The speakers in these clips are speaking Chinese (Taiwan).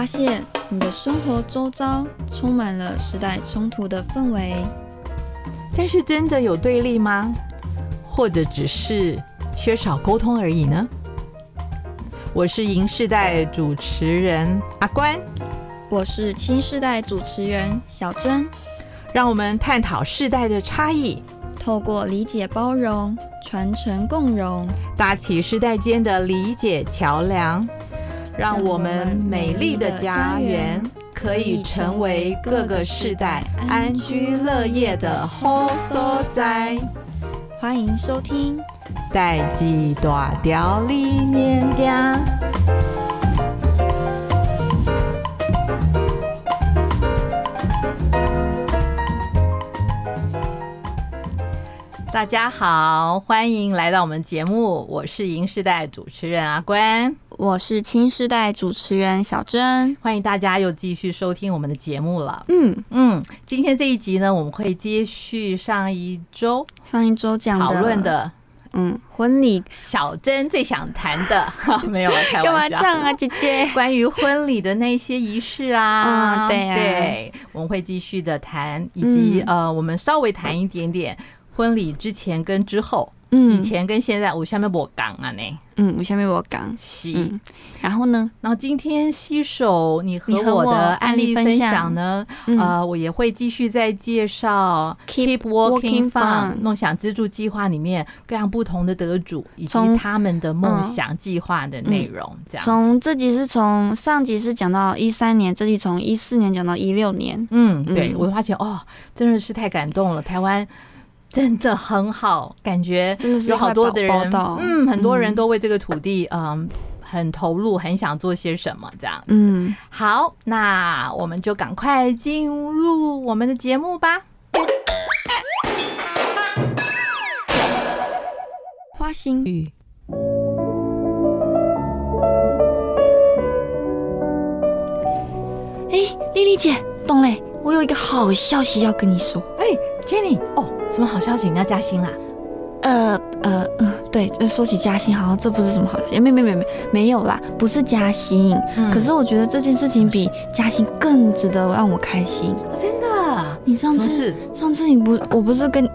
發現你的生活周遭充滿了時代衝突的氛圍，但是真的有對立嗎？或者只是缺少溝通而已呢？我是銀世代主持人阿關，我是青世代主持人小珍，讓我們探討世代的差異，透過理解、包容、傳承、共融，搭起世代間的理解橋樑。讓我們美麗的家園可以成為各個世代安居樂業的好所在。歡迎收聽《代際大調理念家》。大家好，歡迎來到我們節目，我是銀世代主持人阿關。我是青世代主持人小珍，歡迎大家又繼續收聽我們的節目了。嗯嗯，今天這一集呢，我們會接續上一周、上一周講討論的，嗯，婚禮小珍最想談的， 啊、沒有了，開玩笑，幹嘛這樣啊，姐姐？關於婚禮的那些儀式啊， 嗯、對對、啊、對，我們會繼續的談，以及、嗯、呃，我們稍微談一點點婚禮之前跟之後。嗯，以前跟現在，有什麼不一樣啊呢？嗯，有什麼不一樣。行、嗯，然後呢？然後今天攜手你和我的案例分享呢？享嗯、呃，我也會繼續再介紹 Keep, Keep Walking Fund 夢想資助計劃裡面各樣不同的得主以及他們的夢想計劃的內容。這樣，從、嗯、這集是從上集是講到一三年，這集從一四年講到一六年。嗯，對，嗯、我發現哦，真的是太感動了，台灣。真的很好，感覺有好多的真的是。的人。嗯，很多人都為這個土地，嗯，嗯，很投入，很想做些什麼，這樣。嗯，好，那我們就趕快進入我們的節目吧。花心雨。哎，麗麗姐，東磊，我有一個好消息要跟你說。哎。Jenny 哦，什麼好消息？你要加薪啦？呃呃呃，對。說起加薪，好像這不是什麼好消息。沒沒沒沒沒有啦，不是加薪、嗯。可是我覺得這件事情比加薪更值得讓我開心。真的？你上次上次你不我不是跟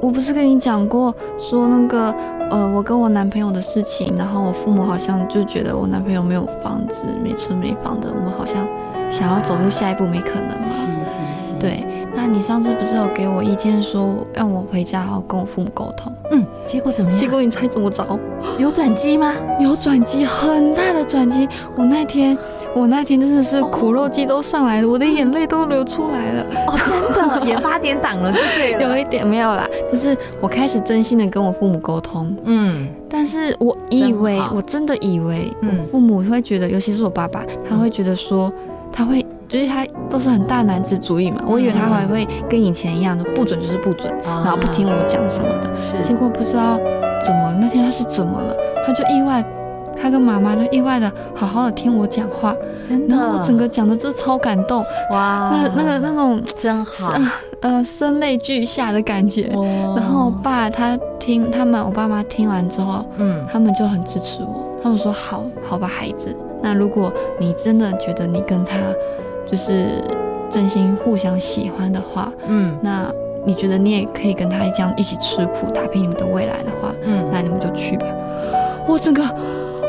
我不是跟你講過，說那個呃，我跟我男朋友的事情。然後我父母好像就覺得我男朋友沒有房子，沒車沒房的，我們好像想要走入下一步沒可能嘛？啊、是是是對。你上次不是有給我意見，說讓我回家後跟我父母溝通。嗯，結果怎麼樣？結果你猜怎麼着？有轉機嗎？有轉機，很大的轉機。我那天，我那天真的是苦肉計都上來了，哦、我的眼淚都流出來了。哦，真的也八點檔了，了，對。 有一點沒有啦，就是我開始真心的跟我父母溝通。嗯，但是我以為，真我真的以為，我、嗯、父母會覺得，尤其是我爸爸，他會覺得說，嗯、他會。就是他都是很大男子主義嘛，我以為他還會跟以前一樣的不准就是不准，然後不聽我講什麼的。結果不知道怎麼，那天他是怎麼了？他就意外，他跟媽媽就意外的好好的聽我講話。真的。然後我整個講的就超感動。哇。那那個那種真好。呃，聲淚俱下的感覺。然後我爸他聽他們，我爸媽聽完之後，嗯，他們就很支持我。他們說好好吧，孩子，那如果你真的覺得你跟他。就是真心互相喜歡的話，嗯，那你覺得你也可以跟他這樣一起吃苦，打拼你們的未來的話，嗯，那你們就去吧。嗯，我整個，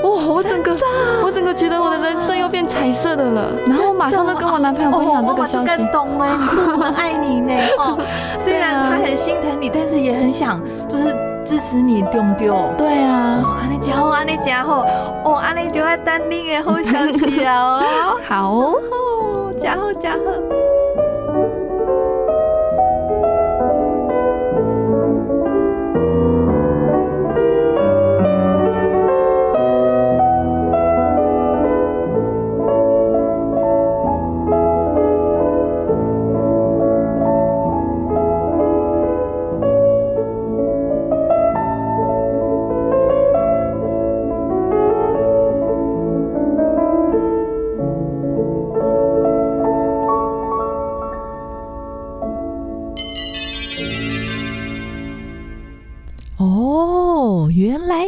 我整個真的，我整個覺得我的人生又變彩色的了。然後我馬上就跟我男朋友分享這個消息。哦，我更懂哎，你說我愛你呢，哦，雖然他很心疼你，啊，但是也很想就是支持你丟不丟？對啊。安尼真好，安尼真好。哦，安尼就要等你的好消息啊，哦！ 好。加厚，加厚。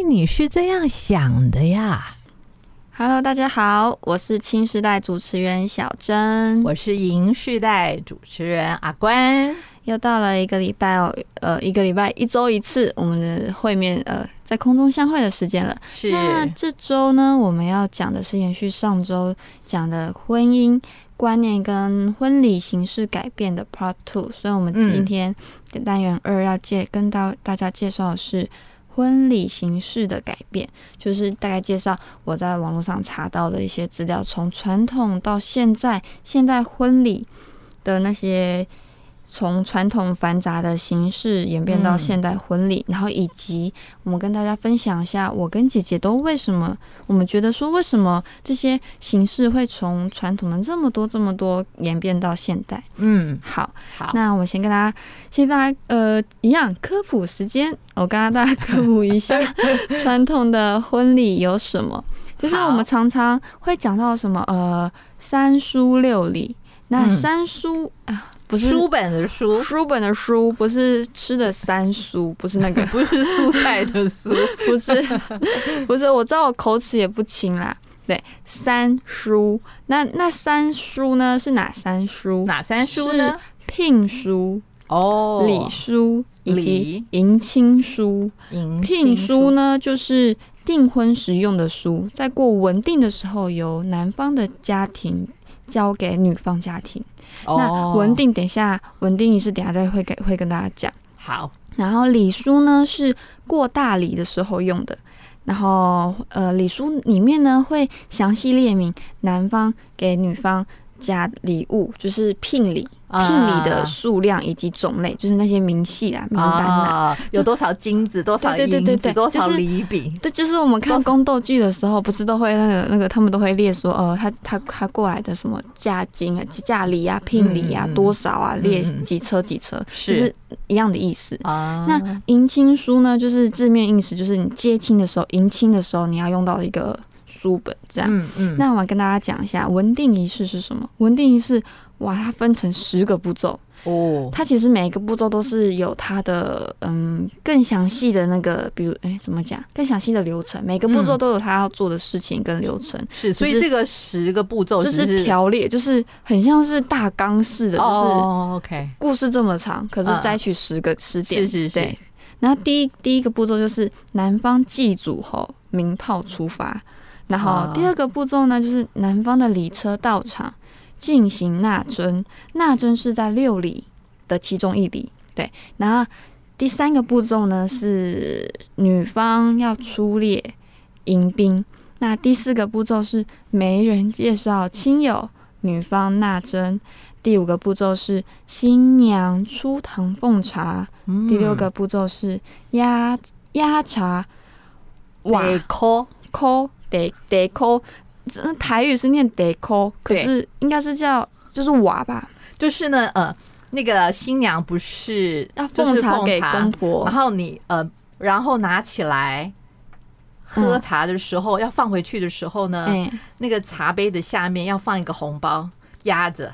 你是這樣想的呀？Hello，大家好，我是青世代主持人小珍，我是銀世代主持人阿關。又到了一個禮拜哦，呃，一個禮拜一周一次，我們的會面，呃，在空中相會的時間了。是。那這周呢，我們要講的是延續上周講的婚姻觀念跟婚禮形式改變的 Part Two，所以我們今天單元二要介、嗯、跟到大家介紹的是。婚禮形式的改變，就是大概介紹我在網絡上查到的一些資料，從傳統到現在，現代婚禮的那些。從傳統繁雜的形式演變到現代婚禮，嗯、然後以及我們跟大家分享一下，我跟姐姐都為什麼我們覺得說為什麼這些形式會從傳統的這麼多這麼多演變到現代？嗯，好，好，那我們先跟大家，先跟大家呃一樣科普時間，我跟大家，跟大家科普一下 傳統的婚禮有什麼，就是我們常常會講到什麼呃三書六禮，那三書、嗯、啊。不是書本的書，書本的書不是吃的三書，不是那個， 不是蔬菜的書， 不是，不是，我知道我口齒也不清啦。對，三書，那那三書呢？是哪三書？哪三書呢？聘書、哦，禮書以及迎親書。聘書呢，就是訂婚時用的書，在過文定的時候，由男方的家庭交給女方家庭。Oh. 那文定等一下，文定一等下文定儀式，等下再會跟會跟大家講。好、oh.，然後禮書呢是過大禮的時候用的，然後呃，禮書裡面呢會詳細列明男方給女方加禮物，就是聘禮。聘禮的數量以及種類，啊、就是那些明細啊，啊、名單啊，有多少金子、多少銀子對對對對對、多少禮品，這就是我們看宮鬥劇的時候，不是都會那個那個，他們都會列說，呃，他他他過來的什麼嫁金啊、嫁禮啊、聘禮啊，多少啊，嗯、列、嗯、幾車幾車是，就是一樣的意思。啊、那迎親書呢，就是字面意思，就是你接親的時候、迎親的時候，你要用到一個書本，這樣。嗯嗯、那我們跟大家講一下文定儀式是什麼？文定儀式。哇，它分成十個步驟哦，它其實每個步驟都是有它的嗯更詳細的那個，比如哎、欸、怎麼講更詳細的流程，每個步驟都有它要做的事情跟流程，嗯、是，是所以這個十個步驟就是條列，就是很像是大綱式的，oh, okay. 就是 OK 故事這麼長，可是摘取十個十點、uh,。是是，是，對。然後第一第一個步驟就是男方祭祖後鳴炮出發，然後第二個步驟呢就是男方的禮車到場。進行納徵，納徵是在六禮的其中一禮。對，然後第三個步驟呢是女方要出列迎賓。那第四個步驟是媒人介紹親友，女方納徵。第五個步驟是新娘出堂奉茶、嗯。第六個步驟是壓壓茶，哇，扣扣，得得扣。台語是念 d e c o，可是應該是叫就是瓦吧？就是呢，呃，那個新娘不是要奉茶給公婆，然後你呃，然後拿起來喝，喝茶的時候，嗯，要放回去的時候呢，嗯，那個茶杯的下面要放一個紅包壓着，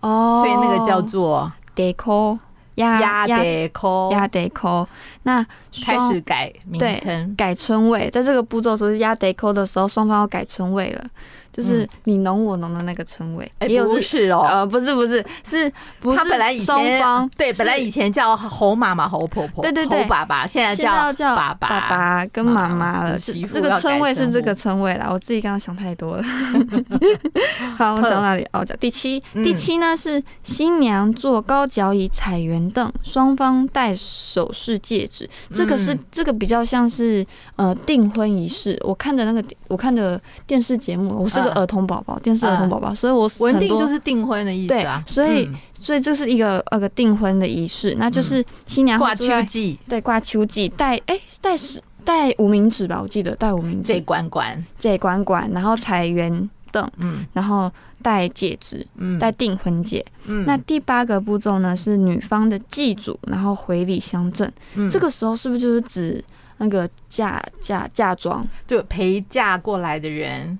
哦，所以那個叫做 d e c o 壓得扣，壓得扣，那開始改名稱，改稱謂，在這個步驟說是壓得扣的時候，雙方要改稱謂了。就是你儂我儂的那個稱謂，不是哦、欸，喔、呃，不是不是，是不，他本來以前雙方對，本來以前叫侯媽媽、侯婆婆，對對對，爸爸現在叫爸爸，爸爸，爸爸跟媽媽了，這個稱謂是這個稱謂啦，我自己剛剛想太多了。 好，我講哪裡？哦，講第七、嗯，第七呢是新娘坐高腳椅，踩圓凳，雙方戴首飾戒指、嗯，這個是這個比較像是呃訂婚儀式，我看的那個我看的電視節目、嗯，我是。這個兒童寶寶，電視兒童寶寶、嗯，所以我文定就是訂婚的意思、啊。對啊，所以、嗯、所以這是一個那個訂婚的儀式，那就是新娘掛秋季，對、嗯、掛秋季，戴哎戴是戴無名指吧，我記得戴無名指。這關關，這關關，然後踩圓凳，嗯，然後戴戒指，嗯，戴訂婚戒。嗯，那第八個步驟呢是女方的祭祖，然後回禮相贈。嗯，這個時候是不是就是指那個嫁嫁嫁妝？就陪嫁過來的人。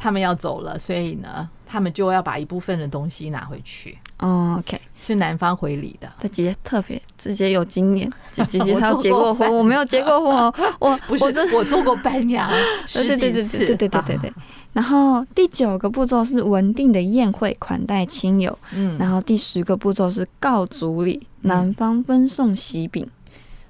他們要走了，所以呢，他們就要把一部分的東西拿回去。Oh, OK，是男方回禮的。這這集集集他姐姐特別，姐姐有經驗，姐姐她結過婚， 我，過我沒有結過婚。 我我不是我做過伴娘，對 對對對對對對對。啊、然後第九個步驟是文定的宴會款待親友。嗯。然後第十個步驟是告祖禮，男方分送喜餅。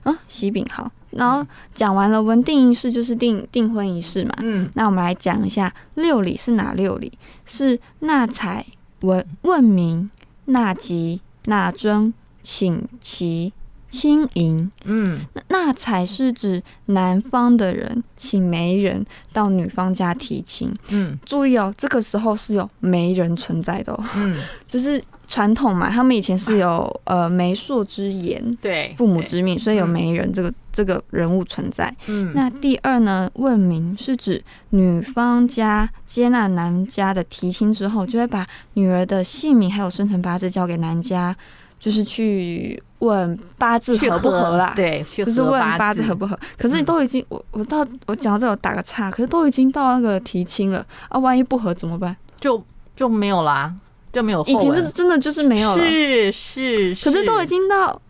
啊，喜餅好。然後講完了文定儀式，就是訂訂婚儀式嘛。嗯，那我們來講一下六禮是哪六禮？是納采、問、問名、納吉、納徵、請期、親迎。嗯，納采是指男方的人請媒人到女方家提親。嗯，注意哦，這個時候是有媒人存在的哦。嗯， 就是。傳統嘛，他們以前是有呃媒妁之言，對父母之命，所以有媒人、嗯、這個這個人物存在。嗯，那第二呢，問名是指女方家接納男家的提親之後，就會把女兒的姓名還有生辰八字交給男家，就是去問八字合不合啦。去合，對，就是問八字合不合。可是你都已經，我我到我講到這我打個岔，可是都已經到那個提親了啊，萬一不合怎麼辦？就就沒有啦。就沒有，以前就是真的就是沒有了，是是，可是都已經到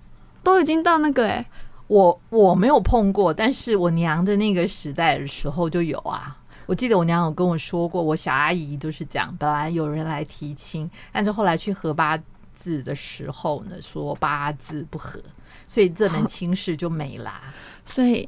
都已經到那個哎、欸，我我沒有碰過，但是我娘的那個時代的時候就有啊。我記得我娘有跟我說過，我小阿姨就是講，本來有人來提親，但是後來去合八字的時候呢，說八字不合，所以這門親事就沒啦、啊。所以，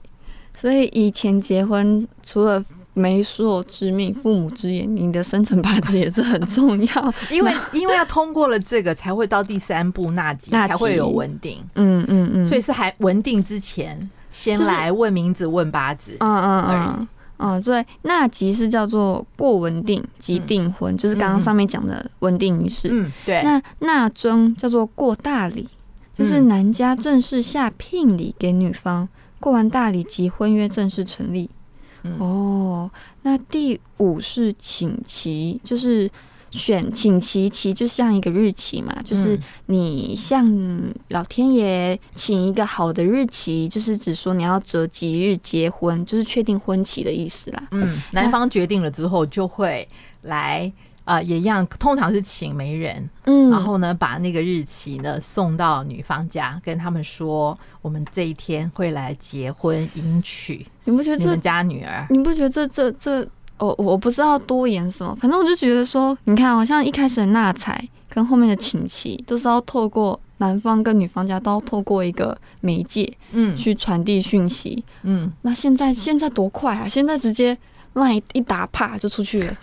所以以前結婚除了媒妁之命，父母之言，你的生辰八字也是很重要，因為因為要通過了這個，才會到第三步納吉、吉，才會有文定。嗯嗯嗯，所以是還文定之前，先來問名字、就是、問八字。嗯嗯嗯，嗯，對、嗯。納吉是叫做過文定即訂婚、嗯，就是剛剛上面講的文定儀式。嗯，那對。那納徵叫做過大禮，就是男家正式下聘禮給女方，嗯、過完大禮即婚約正式成立。哦，那第五是請期，就是選請期期，就像一個日期嘛，就是你向老天爺請一個好的日期，就是只說你要擇吉日結婚，就是確定婚期的意思啦。嗯，男方決定了之後就會來。啊、呃，也一樣，通常是請媒人，嗯，然後呢，把那個日期呢送到女方家，跟他們說，我們這一天會來結婚迎娶。你不覺得這你們家女兒？你不覺得這這這？我、哦、我不知道多言什麼，反正我就覺得說，你看、哦，好像一開始的納采跟後面的請期，都、就是要透過男方跟女方家，都要透過一個媒介，嗯，去傳遞訊息，嗯，嗯那現在現在多快啊！現在直接。萬一打啪就出去了，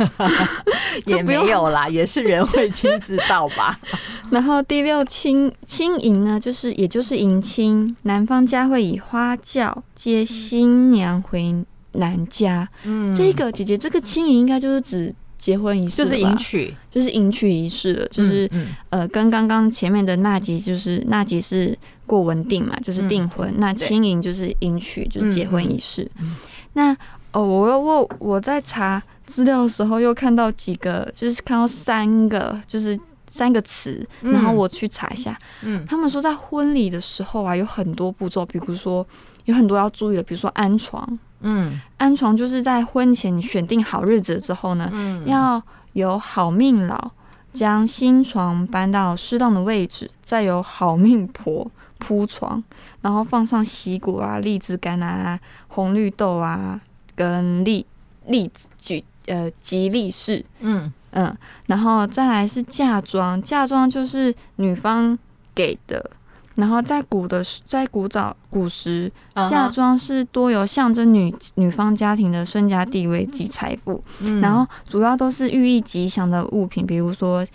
也沒有啦， 也是人會親自到吧 然後第六親親迎呢，就是也就是迎親，男方家會以花轎接新娘回男家。嗯，這個姐姐，這個親迎應該就是指結婚儀式，就是迎娶，就是迎娶儀式了，就是，嗯嗯、呃，跟剛剛前面的納吉，就是納吉是過文定嘛，就是訂婚，嗯，那親迎就是迎娶，就是結婚儀式，嗯嗯。那哦、oh,，我又問我在查資料的時候又看到幾個，就是看到三個，就是三個詞、嗯，然後我去查一下。嗯，他們說在婚禮的時候啊，有很多步驟，比如說有很多要注意的，比如說安床。嗯，安床就是在婚前你選定好日子之後呢，嗯、要有好命佬將新床搬到適當的位置，再有好命婆鋪床，然後放上喜果啊、荔枝乾啊、紅綠豆啊。跟利利，舉呃吉利事。嗯，嗯，然後再來是嫁妝，嫁妝就是女方給的，然後在古的在古早古時，嫁妝是多有象徵女女方家庭的身家地位及財富，嗯，然後主要都是寓意吉祥的物品，比如說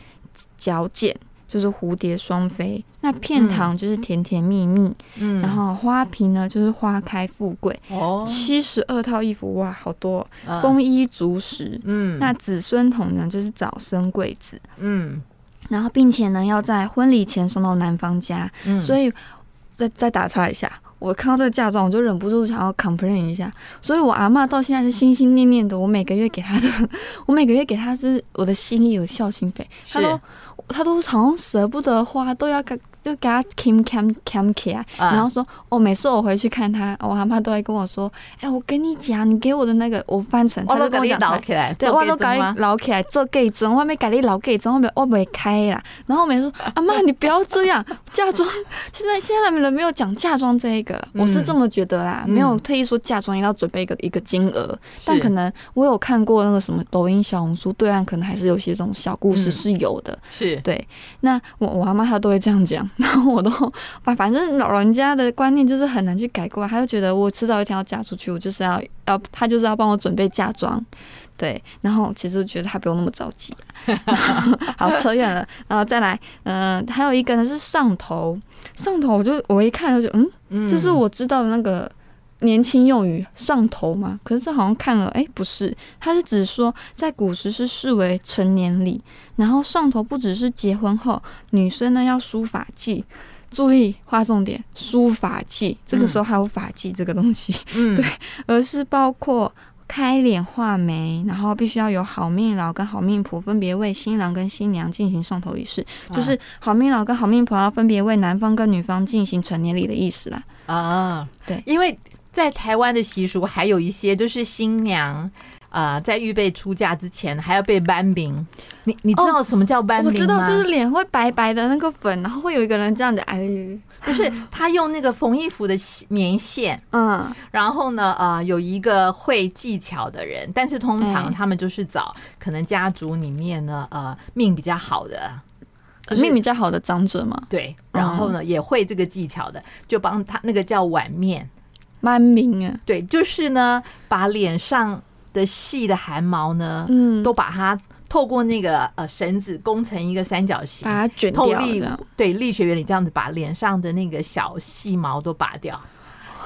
鉸剪，就是蝴蝶雙飛。那片糖就是甜甜蜜蜜，嗯，然後花瓶呢就是花開富貴，哦，七十二套衣服哇，好多哦，嗯，豐衣足食，嗯，那子孫桶呢就是早生貴子，嗯，然後並且呢要在婚禮前送到男方家，嗯，所以再再打岔一下，我看到這個嫁妝，我就忍不住想要 complain 一下，所以我阿嬤到現在是心心念念的，我每個月給她的，我每個月給她是我的心意，有孝心費，她都她都好像捨不得花，都要就給他 clean clean e a n 然後說，哦，每次我回去看他，我阿媽都會跟我說，哎、欸，我跟你講，你給我的那個，我翻成，他跟我，我都給你撈起，起來，做給妝老撈起來做給妝，我還沒給你老給妝，我沒我沒開啦。然後我妹說，阿媽，你不要這樣，嫁妝現在現在沒人沒有講嫁妝這一個，我是這麼覺得啦，沒有特意說嫁妝一定要準備一個一個金額，但可能我有看過那個什麼抖音、小紅書對岸，可能還是有些這種小故事是有的，是對、嗯。那我我阿媽她都會這樣講。 然後我都，反反正，老人家的觀念就是很難去改過來，他就覺得我遲早一天要嫁出去，我就是要要，他就是要幫我準備嫁妝，對。然後其實覺得他不用那麼着急。 好，扯遠了。然後再來，嗯、呃，還有一個呢是上頭上頭，我就我一看他就嗯，嗯就是我知道的那個。年輕用語上頭嘛？可是這好像看了，哎、欸，不是，他是指說在古時是視為成年禮，然後上頭不只是結婚後女生呢要梳髮髻，注意畫重點，梳髮髻，這個時候還有髮髻這個東西，嗯，對，而是包括開臉畫眉，然後必須要有好命佬跟好命婆分別為新郎跟新娘進行上頭儀式。啊，就是好命佬跟好命婆要分別為男方跟女方進行成年禮的意思啦。啊，對，因為。在台灣的習俗還有一些，就是新娘、呃、在預備出嫁之前還要被斑餅。你你知道什麼叫斑餅？哦、我知道，就是臉會白白的那個粉，然後會有一個人這樣的哎， 不是，他用那個縫衣服的棉線，嗯，然後呢，呃，有一個會技巧的人，但是通常他們就是找可能家族裡面呢，呃，命比較好的，就是、命比較好的長者嘛。對，然後呢、嗯、也會這個技巧的，就幫他那個叫碗面。挽面啊，對，就是呢，把臉上的細的汗毛呢、嗯，都把它透過那個呃繩子弓成一個三角形，把它捲掉，對，力學原理這樣子把臉上的那個小細毛都拔掉。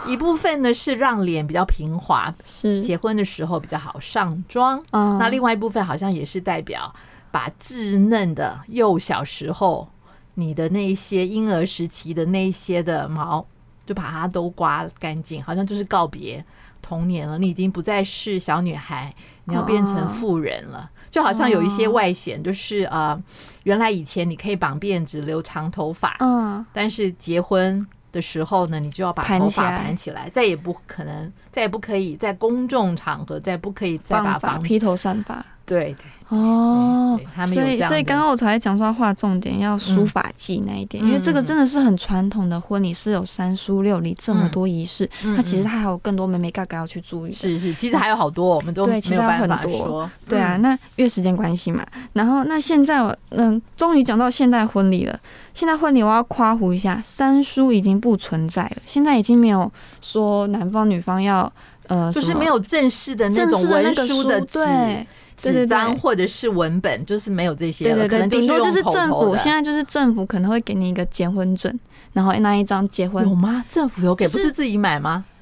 一部分呢是讓臉比較平滑，是結婚的時候比較好上妝、哦。那另外一部分好像也是代表把稚嫩的幼小時候你的那些嬰兒時期的那些的毛。就把它都刮乾淨，好像就是告別童年了。你已經不再是小女孩，你要變成婦人了。Oh. 就好像有一些外顯，就是、oh. 呃，原來以前你可以綁辮子、留長頭髮，嗯、oh.，但是結婚的時候呢，你就要把頭髮盤起，起來，再也不可能，再也不可以在公眾場合再不可以再把髮披頭散髮。對對，對。哦、oh，所以所以剛剛我才講說要畫重點要書法記那一點、嗯，因為這個真的是很傳統的婚禮，是有三書六禮這麼多儀式，那、嗯、其實他還有更多眉眉角角要去注意。是是，其實還有好多，我們都沒有辦法說。對、嗯、對啊，那因為時間關係嘛。嗯、然後那現在嗯，終於講到現代婚禮了。現代婚禮我要誇胡一下，三書已經不存在了，現在已經沒有說男方女方要呃，就是沒有正式的那種文書的對。紙張或者是文本，對對對，就是沒有這些了，可能頂多就是政府現在就是政府可能會給你一個結婚證，然後那一張結婚證？有嗎？政府有給，不是自己買嗎？就是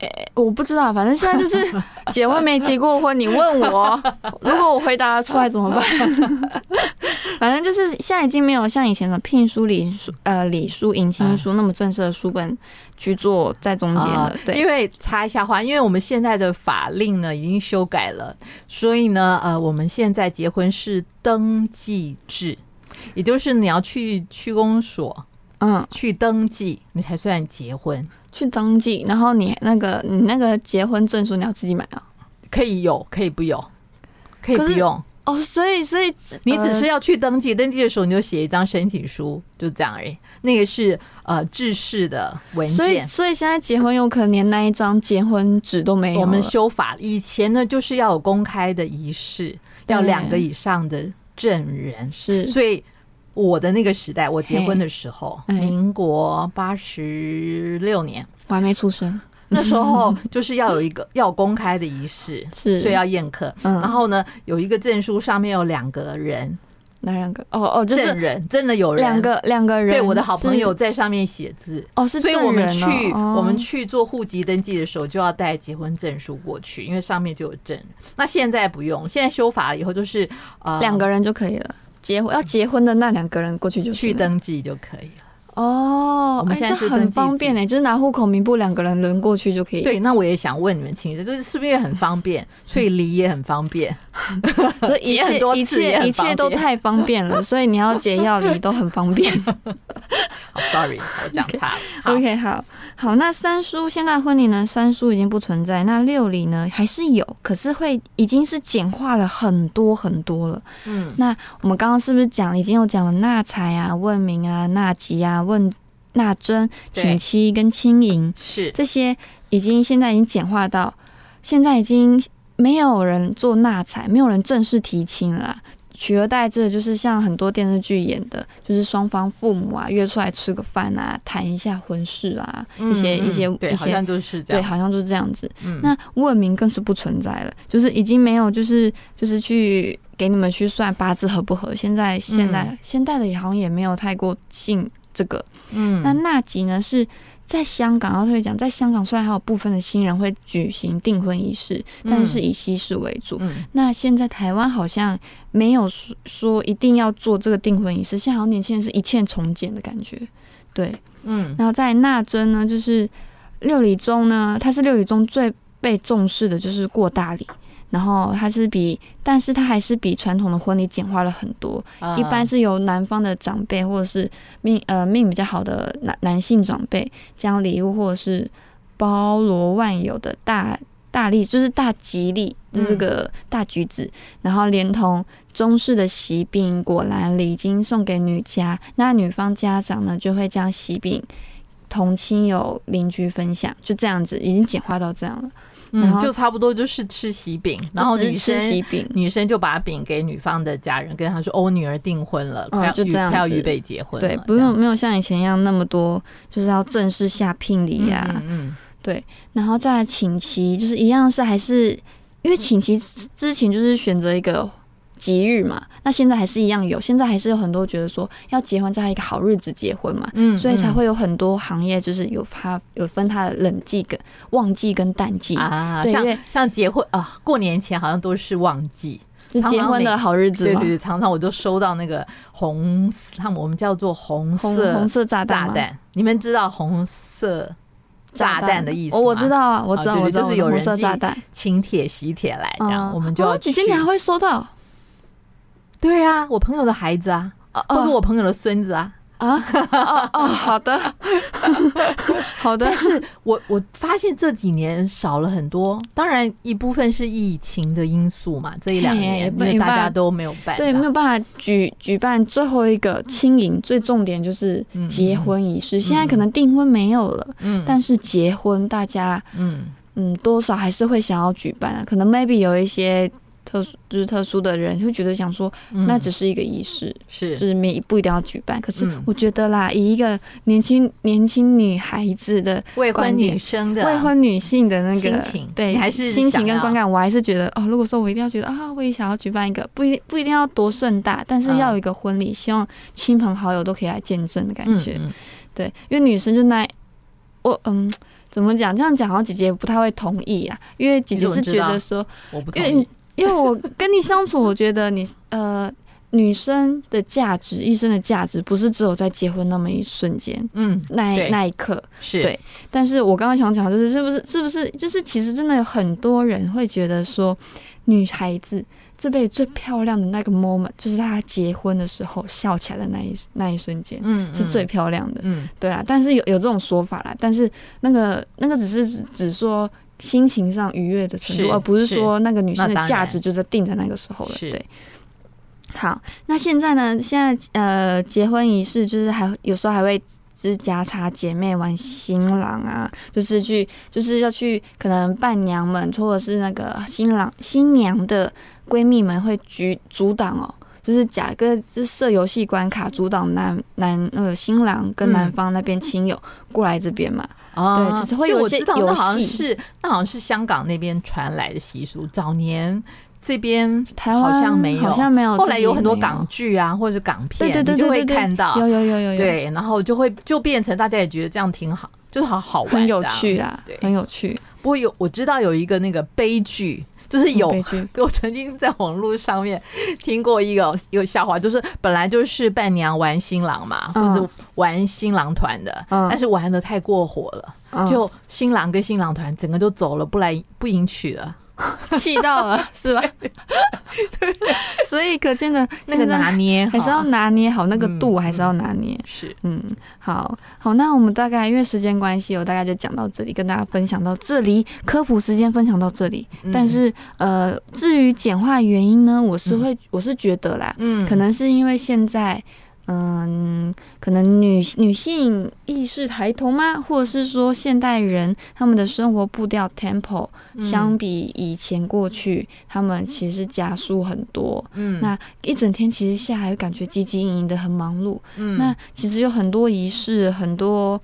哎，我不知道，反正現在就是結婚沒結過婚， 你問我，如果我回答出來怎麼辦？ 反正就是現在已經沒有像以前的聘書、禮書、呃禮書、迎親書那麼正式的書本去做在中間了。嗯、對，因為插一下話，因為我們現在的法令呢已經修改了，所以呢，呃，我們現在結婚是登記制，也就是你要去區公所，嗯，去登記，你才算結婚。去登記，然後你那個你那個結婚證書你要自己買啊？可以有，可以不有，可以不用哦。所以，所以、呃、你只是要去登記，登記的時候你就寫一張申請書，就這樣而已。那個是呃制式的文件。所以，所以現在結婚有可能連那一張結婚紙都沒有。我們修法以前呢，就是要有公開的儀式，要兩個以上的證人，是所以。我的那個時代，我結婚的時候，hey, hey, 民國八十六年，我還沒出生。那時候就是要有一個 要公開的儀式，是所以要宴客、嗯。然後呢，有一個證書上面有兩個人，哪兩個？哦哦、就是，證人真的有人，兩個兩個人。對，我的好朋友在上面寫字。哦，是人、哦。所以我們去、哦、我們去做戶籍登記的時候，就要帶結婚證書過去，因為上面就有證。那現在不用，現在修法了，以後就是呃兩個人就可以了。結婚，要結婚的那兩個人過去就去登記就可以了。哦、oh，而、欸、且很方便呢，欸，就是拿戶口名簿兩個人輪過去就可以。對，那我也想問你們情緒就是是不是也很方便？所以離也很方便， 很多次很方便 一切一切一切都太方便了， 所以你要結要離都很方便。 oh, sorry，我講岔了。OK, okay 好好。那三書現在婚禮呢？三書已經不存在，那六禮呢，還是有，可是會已經是簡化了很多很多了。嗯，那我們剛剛是不是講已經有講了納采啊、問名啊、納吉啊？問納徵、請期跟親迎，是這些已經現在已經簡化到，現在已經沒有人做納采，沒有人正式提親了、啊，取而代之的就是像很多電視劇演的，就是雙方父母啊約出來吃個飯啊，談一下婚事啊，嗯、一些一些，對，一些好像都是這樣，對，好像就是這樣子、嗯。那問名更是不存在了，就是已經沒有，就是就是去給你們去算八字合不合。現在現在、嗯、現代的也好像也沒有太過進。這個，嗯，那納吉呢，是在香港要特別講，在香港雖然還有部分的新人會舉行訂婚儀式，但是是以西式為主。嗯、那現在台灣好像沒有說一定要做這個訂婚儀式，現在好像年輕人是一切從簡的感覺。對，嗯，然後在納徵呢，就是六禮中呢，它是六禮中最被重視的，就是過大禮。然後它是比，但是它還是比傳統的婚禮簡化了很多。嗯、一般是由男方的長輩或者是命呃命比較好的男男性長輩將禮物或者是包羅萬有的大大禮，就是大吉利、就是、這個大橘子、嗯，然後連同中式的喜餅果籃禮金送給女家。那女方家長呢就會將喜餅同親友鄰居分享，就這樣子已經簡化到這樣了。嗯，就差不多就是吃喜餅，然後女生女生就把餅給女方的家人，跟他說哦，女兒訂婚了，這樣，快要預備結婚。嗯、對，不用沒有像以前一樣那麼多，就是要正式下聘禮呀，對，然後再來請期，就是一樣是還是因為請期之前就是選擇一個。吉日嘛，那現在還是一樣有，現在還是有很多覺得說要結婚在一個好日子結婚嘛嗯，嗯，所以才會有很多行業就是有它有分它的冷季跟旺季跟淡季啊，對，像像結婚啊，過年前好像都是旺季，就結婚的好日子嘛，常常對，對，對，常常我就收到那個紅，他們我們叫做紅色炸紅，紅色炸彈，你們知道紅色炸彈的意思嗎？哦、我知道啊，我知道、啊哦對對，我知道就是有人寄請帖、喜帖來這樣，我們就哦，有些你還會收到。對啊，我朋友的孩子啊，都、uh, uh, 是我朋友的孫子啊啊哦、uh, uh, uh, 好的， 好的。 但是我我發現這幾年少了很多，當然一部分是疫情的因素嘛，這一兩年 hey, 因為大家都沒有辦，對，沒有辦法舉舉辦最後一個親迎，最重點就是結婚儀式、嗯。現在可能訂婚沒有了、嗯，但是結婚大家嗯嗯多少還是會想要舉辦啊，可能 maybe 有一些。特殊就是特殊的人就覺得想說，嗯、那只是一個儀式，是就是每一步一定要舉辦、嗯。可是我覺得啦，以一個年輕年輕女孩子的觀未婚女生的未婚女性的那個心情，對還是心情跟觀感，我還是覺得哦，如果說我一定要覺得啊，我也想要舉辦一個，不一不一定要多盛大，但是要有一個婚禮、嗯，希望親朋好友都可以來見證的感覺。嗯嗯、對，因為女生就那我嗯，怎麼講？這樣講，好像姐姐也不太會同意啊。因為姐姐是覺得說，我，我不。因為我跟你相處，我覺得你呃，女生的價值，一生的價值，不是只有在結婚那麼一瞬間，嗯，那那一刻是對。但是我剛剛想講，就是是不是是不是就是其實真的有很多人會覺得說，女孩子這輩子最漂亮的那個 moment，就是她結婚的時候笑起來的那一那一瞬間，嗯，嗯，是最漂亮的，嗯，對啊。但是有有這種說法啦，但是那個那個只是只說。心情上愉悅的程度，而不是說那個女生的價值就是定在那個時候了。對，好，那現在呢？現在呃，結婚儀式就是還有時候還會就是夾雜姐妹玩新郎啊，就是去就是要去，可能伴娘們或者是那個新郎新娘的閨蜜們會舉阻擋哦。就是假個就設遊戲關卡，阻擋男男呃新郎跟男方那邊親友過來這邊嘛。哦，對，就是會、啊、就我知道，那好像是那好像是香港那邊傳來的習俗。早年這邊台灣好像沒有，好像沒有。後來有很多港劇啊，或者是港片，對對對，就會看到有有有有。對，然後就會就變成大家也覺得這樣挺好，就是好好玩、很有趣啊，對，很有趣。不過有我知道有一個那個悲劇。就是有，我曾經在網絡上面聽過一個一個笑話，就是本來就是伴娘玩新郎嘛，或者玩新郎團的，但是玩的太過火了，就新郎跟新郎團整個都走了，不來，不迎娶了。氣 到了是吧？ 對對對笑所以可見的 那個拿捏還是要拿捏好那個度，嗯，還是要拿捏。是，嗯，好好，那我們大概因為時間關係，我大概就講到這裡，跟大家分享到這裡，科普時間分享到這裡，嗯。但是呃，至於簡化原因呢，我是會，我是覺得啦，嗯，可能是因為現在。嗯，可能女女性意識抬頭嗎？或者是說，現代人他們的生活步調 tempo 相比以前過去，嗯、他們其實是加速很多。嗯，那一整天其實下來感覺汲汲營營的，很忙碌。嗯，那其實有很多儀式，很多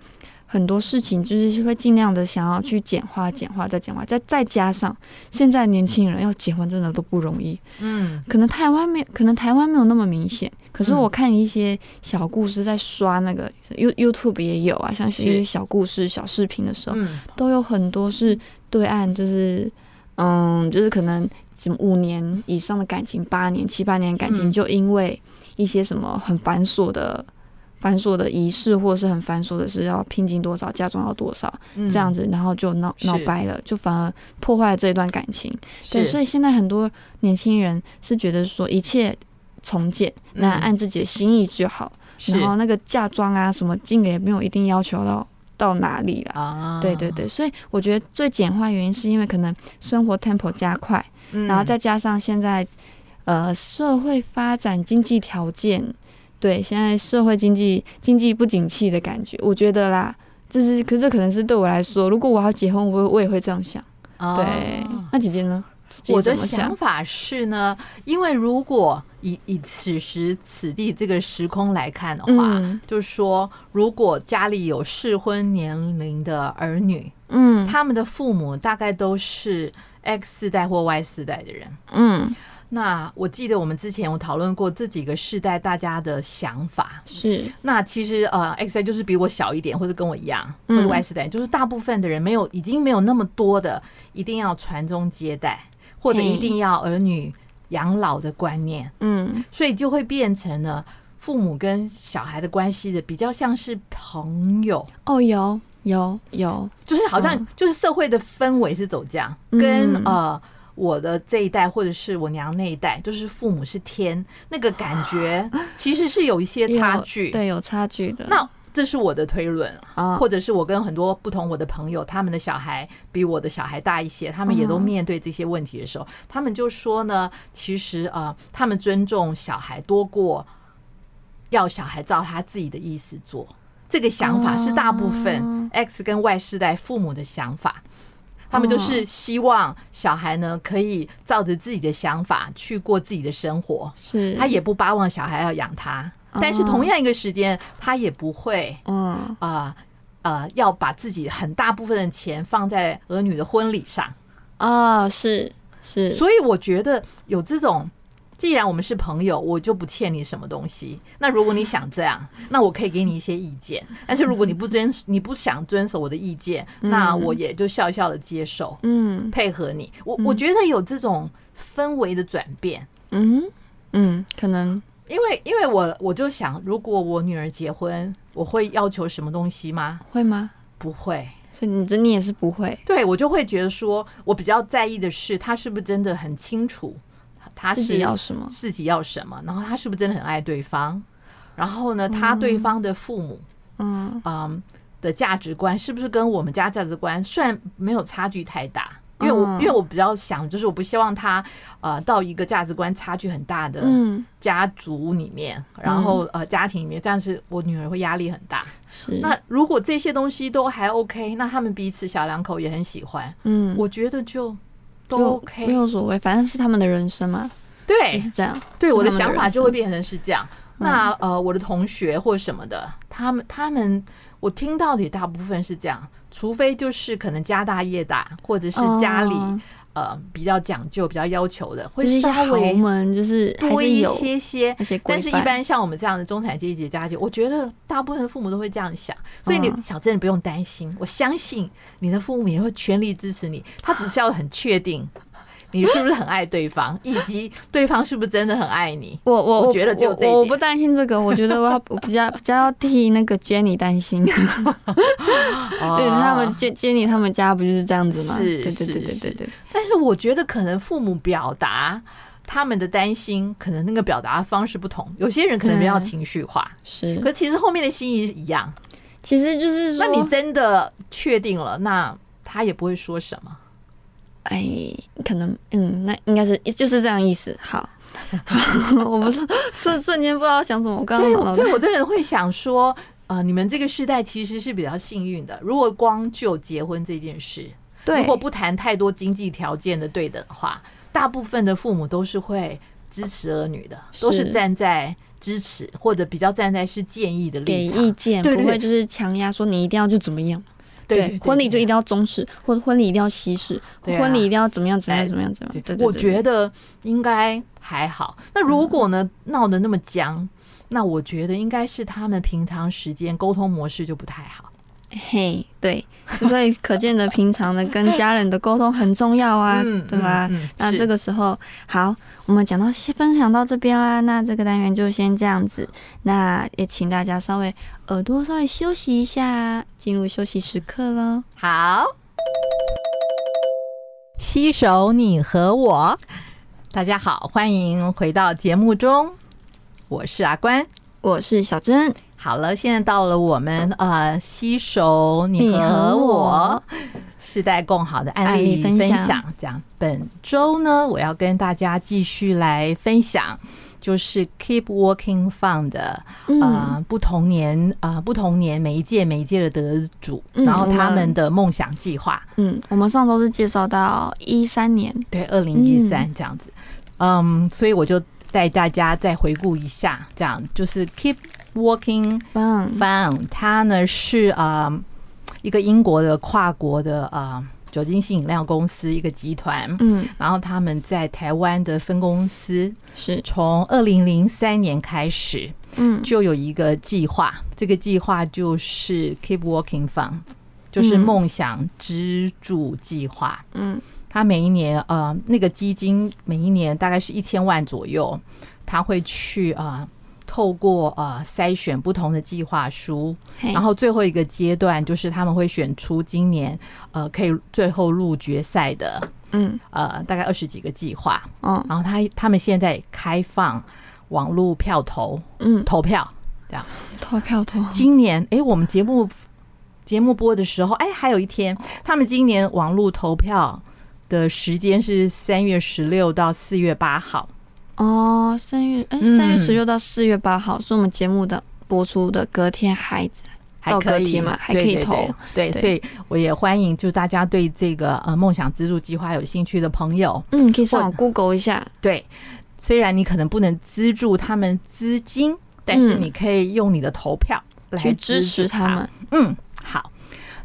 很多事情，就是會盡量的想要去簡化、簡化再簡化。再再加上，現在年輕人要結婚真的都不容易。嗯，可能台灣沒有，可能台灣沒有那麼明顯。可是我看一些小故事，在刷那個 You、嗯、YouTube 也有啊，像一些小故事、小視頻的時候、嗯，都有很多是對岸，就是嗯，就是可能什麼五年以上的感情，八年、七八年感情，就因為一些什麼很繁瑣的、嗯、繁瑣的儀式，或者是很繁瑣的是要聘金多少、嫁妝要多少、嗯、這樣子，然後就鬧鬧掰了，就反而破壞了這一段感情。對，所以現在很多年輕人是覺得說一切。重建那按自己的心意就好，嗯、然後那個嫁妝啊什麼，金額也沒有一定要求到到哪裡了，啊。對對對，所以我覺得最簡化原因是因為可能生活 tempo 加快，嗯、然後再加上現在呃社會發展經濟條件，對，現在社會經濟經濟不景氣的感覺，我覺得啦，這是可這可能是對我來說，如果我要結婚，我我也會這樣想。啊、對，那姐姐呢，姐姐怎麼想？我的想法是呢，因為如果以以此時此地這個時空來看的話，就是說，如果家裡有適婚年齡的兒女，嗯，他們的父母大概都是 X 世代或 Y 世代的人，嗯。那我記得我們之前我討論過這幾個世代大家的想法，是。那其實呃，X 世代就是比我小一點，或者跟我一樣，或者 Y 世代，就是大部分的人沒有已經沒有那麼多的，一定要傳宗接代，或者一定要兒女。養老的觀念，嗯，所以就會變成了父母跟小孩的關係的比較像是朋友哦，有有有，就是好像就是社會的氛圍是走這樣，嗯、跟呃我的這一代或者是我娘那一代，就是父母是天那個感覺，其實是有一些差距，對，有差距的。那。這是我的推論啊，或者是我跟很多不同我的朋友，啊，他們的小孩比我的小孩大一些，他們也都面對這些問題的時候，啊，他們就說呢，其實呃，他們尊重小孩多過要小孩照他自己的意思做，這個想法是大部分 X 跟 Y 世代父母的想法，啊，他們就是希望小孩呢可以照着自己的想法去過自己的生活，是，他也不巴望小孩要養他。但是同樣一個時間，他也不會，嗯啊啊，要把自己很大部分的錢放在兒女的婚禮上啊，是是，所以我覺得有這種，既然我們是朋友，我就不欠你什麼東西。那如果你想這樣，那我可以給你一些意見。但是如果你不遵，你不想遵守我的意見，那我也就笑笑的接受，嗯，配合你。我我覺得有這種氛圍的轉變，嗯嗯，可能。因為，因為我我就想，如果我女兒結婚，我會要求什麼東西嗎？會嗎？不會。所以你，真的也是不會。對，我就會覺得說，我比較在意的是，他是不是真的很清楚，他是自己要什麼，自己要什麼。然後他是不是真的很愛對方？然後呢，他對方的父母，嗯嗯，嗯，的價值觀是不是跟我們家價值觀雖然沒有差距太大？因為我，因為我比較想，就是我不希望他，呃，到一個價值觀差距很大的家族裡面，嗯、然後呃，家庭裡面，但是我女兒會壓力很大。是。那如果這些東西都還 OK，那他們彼此小兩口也很喜歡，嗯，我覺得就都 OK，沒有，沒有所謂，反正是他們的人生嘛。對，就是這樣。對，我的想法就會變成是這樣。嗯、那呃，我的同學或什麼的，他們，他們，我聽到的也大部分是這樣。除非就是可能家大業大，或者是家裡呃比較講究，比較要求的，會稍微就是多一些些。但是，一般像我們這樣的中產階級的家庭，我覺得大部分的父母都會這樣想。所以，你小鄭，你不用擔心，我相信你的父母也會全力支持你。他只是要很確定。你是不是很愛對方， 以及對方是不是真的很愛你？我我我覺得就這樣。我不擔心這個，我覺得我比較, 比較比較要替那個 Jenny 擔心。 哦、 對他們，Jenny 他們家不就是這樣子嗎？是，對對對對對對。但是我覺得可能父母表達他們的擔心，可能那個表達方式不同，有些人可能比較情緒化，是、嗯。可是其實後面的心意是一樣，其實就是說，那你真的確定了，那他也不會說什麼。哎，可能嗯，那應該是就是這樣意思。好， 好我不是，瞬瞬間不知道想怎麼。所以，所以我這人會想說，呃，你們這個時代其實是比較幸運的。如果光就結婚這件事，對，如果不談太多經濟條件的對等的話，大部分的父母都是會支持兒女的，是都是站在支持或者比較站在是建議的立場，給意見，對對對，不會就是強壓說你一定要就怎麼樣。對，對對對對，婚禮就一定要中式，或者、啊啊、婚禮一定要西式，婚禮一定要怎麼樣，怎麼樣，怎麼樣，怎麼樣？我覺得應該還好。那如果呢，鬧得那麼僵，嗯、那我覺得應該是他們平常時間溝通模式就不太好。嘿、hey，對，所以可見得，平常的跟家人的溝通很重要啊， 嗯、對吧、嗯嗯，那這個時候，好，我們講到分享到這邊啦，那這個單元就先這樣子。那也請大家稍微耳朵稍微休息一下，進入休息時刻嘍。好，攜手，你和我。大家好，歡迎回到節目中，我是阿關，我是小珍。好了，現在到了我們呃，攜手你和，你和我，世代共好的案例分享。分享這樣，本周呢，我要跟大家繼續來分享，就是 Keep Walking Fund 的啊、嗯呃，不同年啊、呃，不同年每一屆每一屆的得主、嗯，然後他們的夢想計劃。嗯，我們上周是介紹到一三年，對，二零一三這樣子。嗯，所以我就帶大家再回顧一下，這樣就是 Keep。Walking Fund，它呢是啊、呃、一個英國的跨國的啊、呃、酒精性飲料公司一個集團，嗯，然後他們在台灣的分公司是從二零零三年開始，嗯，就有一個計劃、嗯，這個計劃就是 Keep Walking Fund，就是夢想資助計劃，嗯，它每一年呃那個基金每一年大概是一千萬左右，他會去啊。呃透過呃篩選不同的計劃書，hey. 然後最後一個階段就是他們會選出今年呃可以最後入決賽的，嗯呃大概二十幾個計劃，嗯、oh. 然後他他們現在開放網絡票投，嗯投票這樣，投票投票，今年、欸、我們節目節目播的時候、欸、還有一天，oh. 他們今年網絡投票的時間是三月十六到四月八號。哦，三月哎，三月十六到四月八號，嗯，是我們節目的播出的隔天，孩子還可以嗎？還可以投，可以，對對對對對。對，所以我也歡迎，就大家對這個呃夢想資助計劃有興趣的朋友，嗯，可以上網 Google 一下。對，雖然你可能不能資助他們資金，但是你可以用你的投票來支持他們。他們嗯。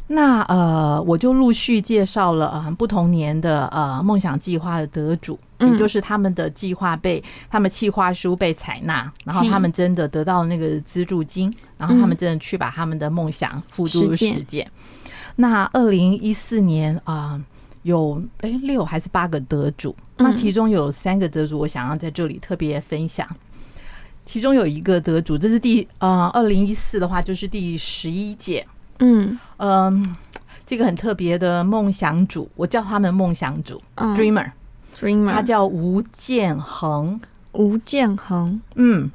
那呃，我就陸續介紹了呃不同年的呃夢想計劃的得主，也就是他們的計劃被他們計劃書被採納，然後他們真的得到那個資助金，然後他們真的去把他們的夢想付諸實踐。那二零一四年啊、呃，有誒六還是八個得主，那其中有三個得主，我想要在這裡特別分享。其中有一個得主，這是第呃二零一四的話就是第十一屆，嗯嗯，這個很特別的夢想主，我叫他們夢想主 （dreamer，dreamer）。嗯、Dreamer, 他叫吳建衡，吳建衡。嗯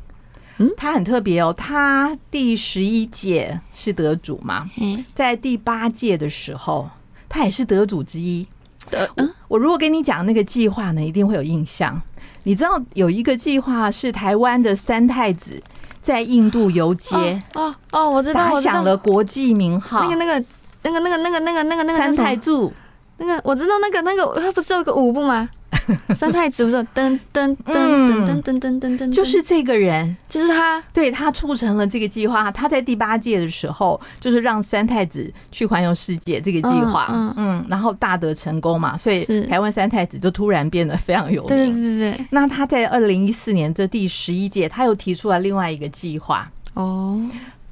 嗯，他很特別哦，他第十一屆是得主嘛？嗯，在第八屆的時候，他也是得主之一、呃。嗯，我如果跟你講那個計劃呢，一定會有印象。你知道有一個計劃是台灣的三太子，在印度遊街，哦哦,哦，我知道，打響了國際名號、那個那個。那個那個那個那個那個那個那個、那個、三太子，那個我知道，那個那個他不是有個舞步嗎？ 三太子不是噔噔噔噔噔噔噔，噔，噔，噔，噔，噔，噔，噔，噔、嗯、就是這個人，就是他，對，他促成了這個計劃。他在第八屆的時候，就是讓三太子去環遊世界這個計劃、哦哦，嗯，然後大得成功嘛，所以台灣三太子就突然變得非常有名。對對對，那他在二零一四年這第十一屆，他又提出了另外一個計劃哦，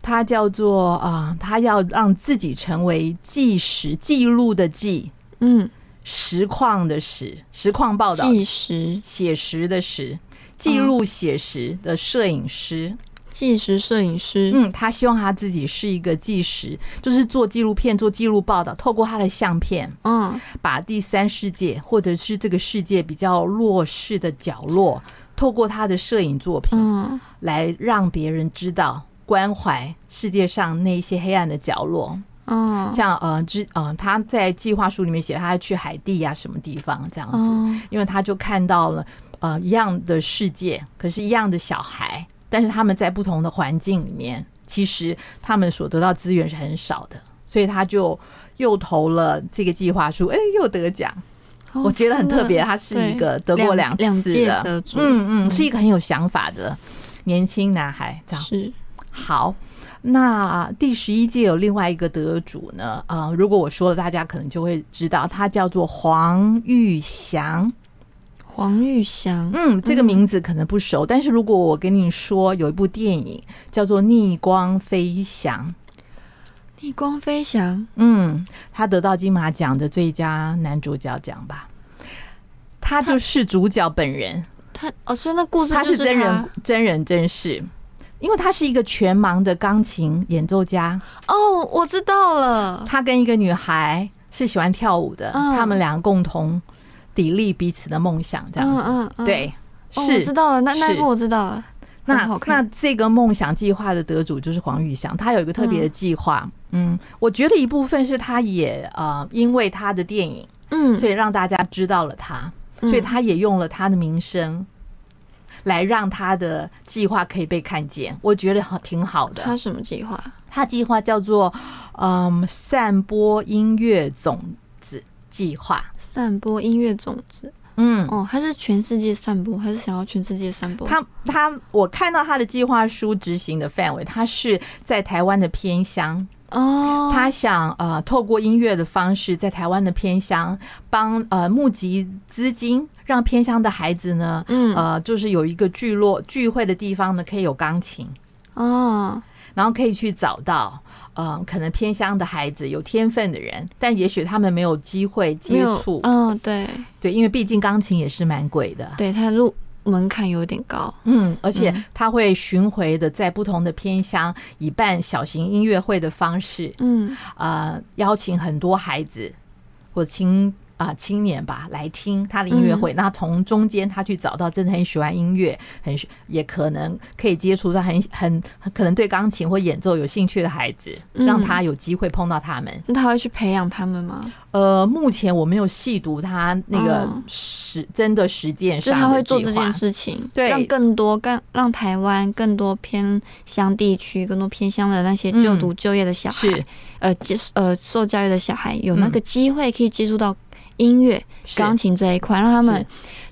他叫做啊、呃，他要讓自己成為記時記錄的記，嗯。實況的實，實況報道。紀實，寫實的實，記錄寫實的攝影師，紀實攝影師。嗯，他希望他自己是一個紀實，就是做紀錄片、做記錄報道，透過他的相片，嗯，把第三世界或者是這個世界比較弱勢的角落，透過他的攝影作品，嗯，來讓別人知道關懷世界上那一些黑暗的角落。哦，像呃，之呃，他在計劃書裡面寫，他要去海地啊，什麼地方這樣子？哦、因為他就看到了呃一樣的世界，可是一樣的小孩，但是他們在不同的環境裡面，其實他們所得到資源是很少的，所以他就又投了這個計劃書，哎、欸，又得獎、哦。我覺得很特別，他是一個得過兩次的，嗯嗯，是一個很有想法的年輕男孩，嗯、這樣是好。那第十一屆有另外一個得主呢，啊、呃，如果我說了，大家可能就會知道，他叫做黃玉祥。黃玉祥，嗯，嗯這個名字可能不熟、嗯，但是如果我跟你說，有一部電影叫做《逆光飛翔》，《逆光飛翔》，嗯，他得到金馬獎的最佳男主角獎吧，他就是主角本人，他，他哦，所以那故事是他，他是真人真人真事。因為他是一個全盲的鋼琴演奏家哦，我知道了。他跟一個女孩是喜歡跳舞的，嗯、他們兩共同砥礪彼此的夢想，這樣子。嗯、啊啊對，哦、是知道了，那那個我知道了。那那，了那，那這個夢想計劃的得主就是黃玉祥，他有一個特別的計劃、嗯。嗯，我覺得一部分是他也呃，因為他的電影，嗯，所以讓大家知道了他，所以他也用了他的名聲。嗯來讓他的計劃可以被看見，我覺得好挺好的。他什麼計劃？他計劃叫做“嗯，散播音樂種子計劃”。散播音樂種子，嗯，哦，他是全世界散播，還是想要全世界散播？他他，我看到他的計劃書執行的範圍，他是在台灣的偏鄉。哦、oh.，他想呃，透過音樂的方式，在台灣的偏鄉幫呃募集資金，讓偏鄉的孩子呢，嗯、mm. 呃，就是有一個聚落聚會的地方呢，可以有鋼琴哦，oh. 然後可以去找到呃，可能偏鄉的孩子有天分的人，但也許他們沒有機會接觸，嗯，oh, 對對，因為畢竟鋼琴也是蠻貴的，對他錄。門檻有點高，嗯，而且他會巡迴的，在不同的偏鄉以辦小型音樂會的方式，嗯，呃，邀請很多孩子我請。啊，青年吧，來聽他的音樂會。嗯、那從中間，他去找到真的很喜歡音樂，很也可能可以接觸到很很，很可能對鋼琴或演奏有興趣的孩子，嗯、讓他有機會碰到他們。那、嗯、他會去培養他們嗎？呃，目前我沒有細讀他那個實、哦、真的實踐上，就是、他會做這件事情，對，讓更多更讓台灣更多偏鄉地區、更多偏鄉的那些就讀就業的小孩，嗯、是呃，接呃受教育的小孩有那個機會可以接觸到。音樂、鋼琴這一塊，讓他們，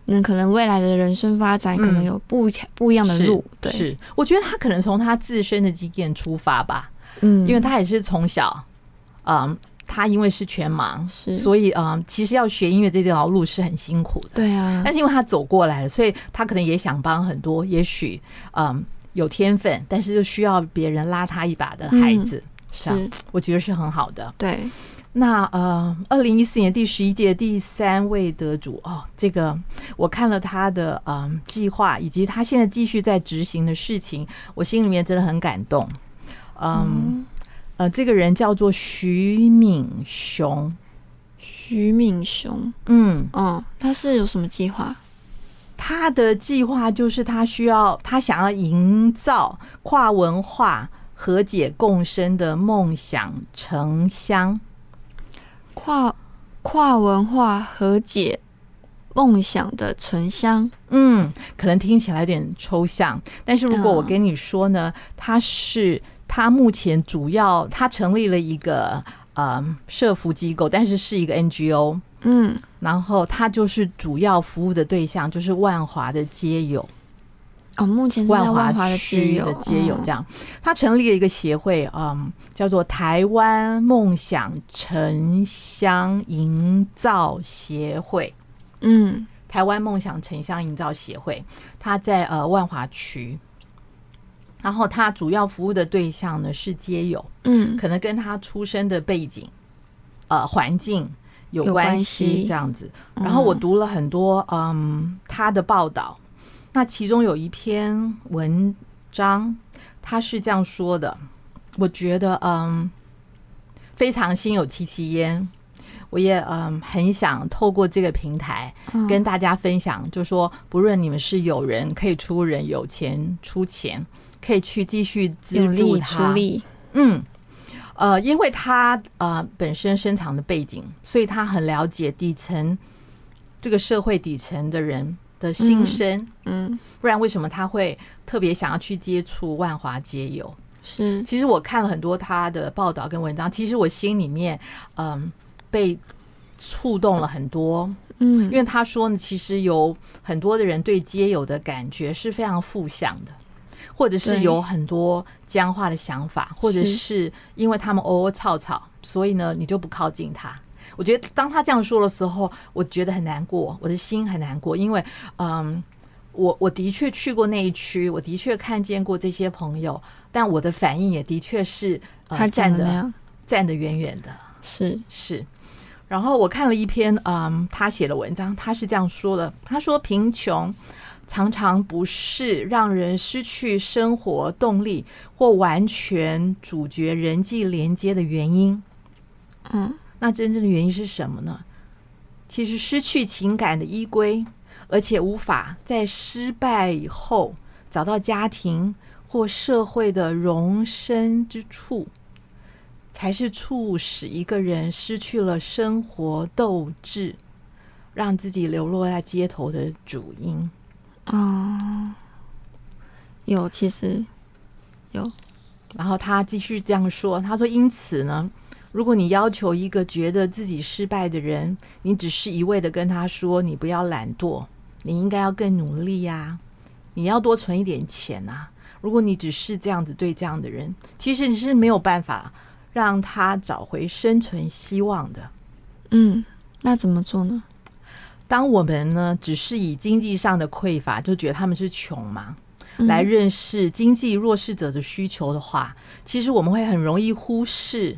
那可能未來的人生發展可能有不不一樣的路。對，是，是我覺得他可能從他自身的積澱出發吧，嗯，因為他也是從小，嗯，他因為是全盲，是，所以，嗯，其實要學音樂這條路是很辛苦的，對啊。但是因為他走過來了，所以他可能也想幫很多，也許嗯有天分，但是就需要別人拉他一把的孩子，嗯、是，我覺得是很好的，對。那呃，二零一四年第十一屆第三位得主哦，這個我看了他的呃、嗯、計劃，以及他現在繼續在執行的事情，我心裡面真的很感動。嗯，嗯呃，這個人叫做徐敏雄，徐敏雄，嗯哦，他是有什麼計劃？他的計劃就是他需要他想要營造跨文化和解共生的夢想城鄉。跨跨文化和解夢想的城鄉，嗯，可能聽起來有點抽象，但是如果我跟你說呢，他是他目前主要他成立了一個呃、嗯、社服機構，但是是一個 NGO，嗯，然後他就是主要服務的對象就是萬華的街友。哦，目前是在萬華區的街友、嗯、街友這樣，他成立了一個協會，嗯，叫做台灣夢想城鄉營造協會，嗯，台灣夢想城鄉營造協會，他在呃萬華區，然後他主要服務的對象呢是街友，嗯，可能跟他出生的背景，呃，環境有關係這樣子、有關係、嗯，然後我讀了很多嗯他的報道那其中有一篇文章，他是這樣說的，我覺得嗯，非常心有戚戚焉。我也嗯很想透過這個平台跟大家分享，嗯、就說不論你們是有人可以出人，有錢出錢，可以去繼續資助他有力出力。嗯，呃，因為他呃本身深藏的背景，所以他很了解底層這個社會底層的人。的心聲、嗯，嗯，不然為什麼他會特別想要去接觸萬華街友？是，其實我看了很多他的報道跟文章，其實我心裡面，嗯，被觸動了很多，嗯，因為他說，呢，其實有很多的人對街友的感覺是非常負向的，或者是有很多僵化的想法，或者是因為他們哦，窩吵吵，所以呢，你就不靠近他。我覺得當他這樣說的時候，我覺得很難過，我的心很難過，因為，嗯，我我的確去過那一區，我的確看見過這些朋友，但我的反應也的確是，呃、他站的站得遠遠的，是是。然後我看了一篇，嗯，他寫的文章，他是這樣說的，他說貧窮常常不是讓人失去生活動力或完全阻絕人際連接的原因，嗯、啊。那真正的原因是什麼呢？其實失去情感的依歸，而且無法在失敗以後找到家庭或社會的容身之處，才是促使一個人失去了生活鬥志，讓自己流落在街頭的主因。哦，uh，有，其實有。然後他繼續這樣說，他說因此呢，如果你要求一個覺得自己失敗的人，你只是一味地跟他說：“你不要懶惰，你應該要更努力呀，啊，你要多存一點錢啊。”如果你只是這樣子對這樣的人，其實你是沒有辦法讓他找回生存希望的。嗯，那怎麼做呢？當我們呢，只是以經濟上的匱乏，就覺得他們是窮嘛，嗯，來認識經濟弱勢者的需求的話，其實我們會很容易忽視。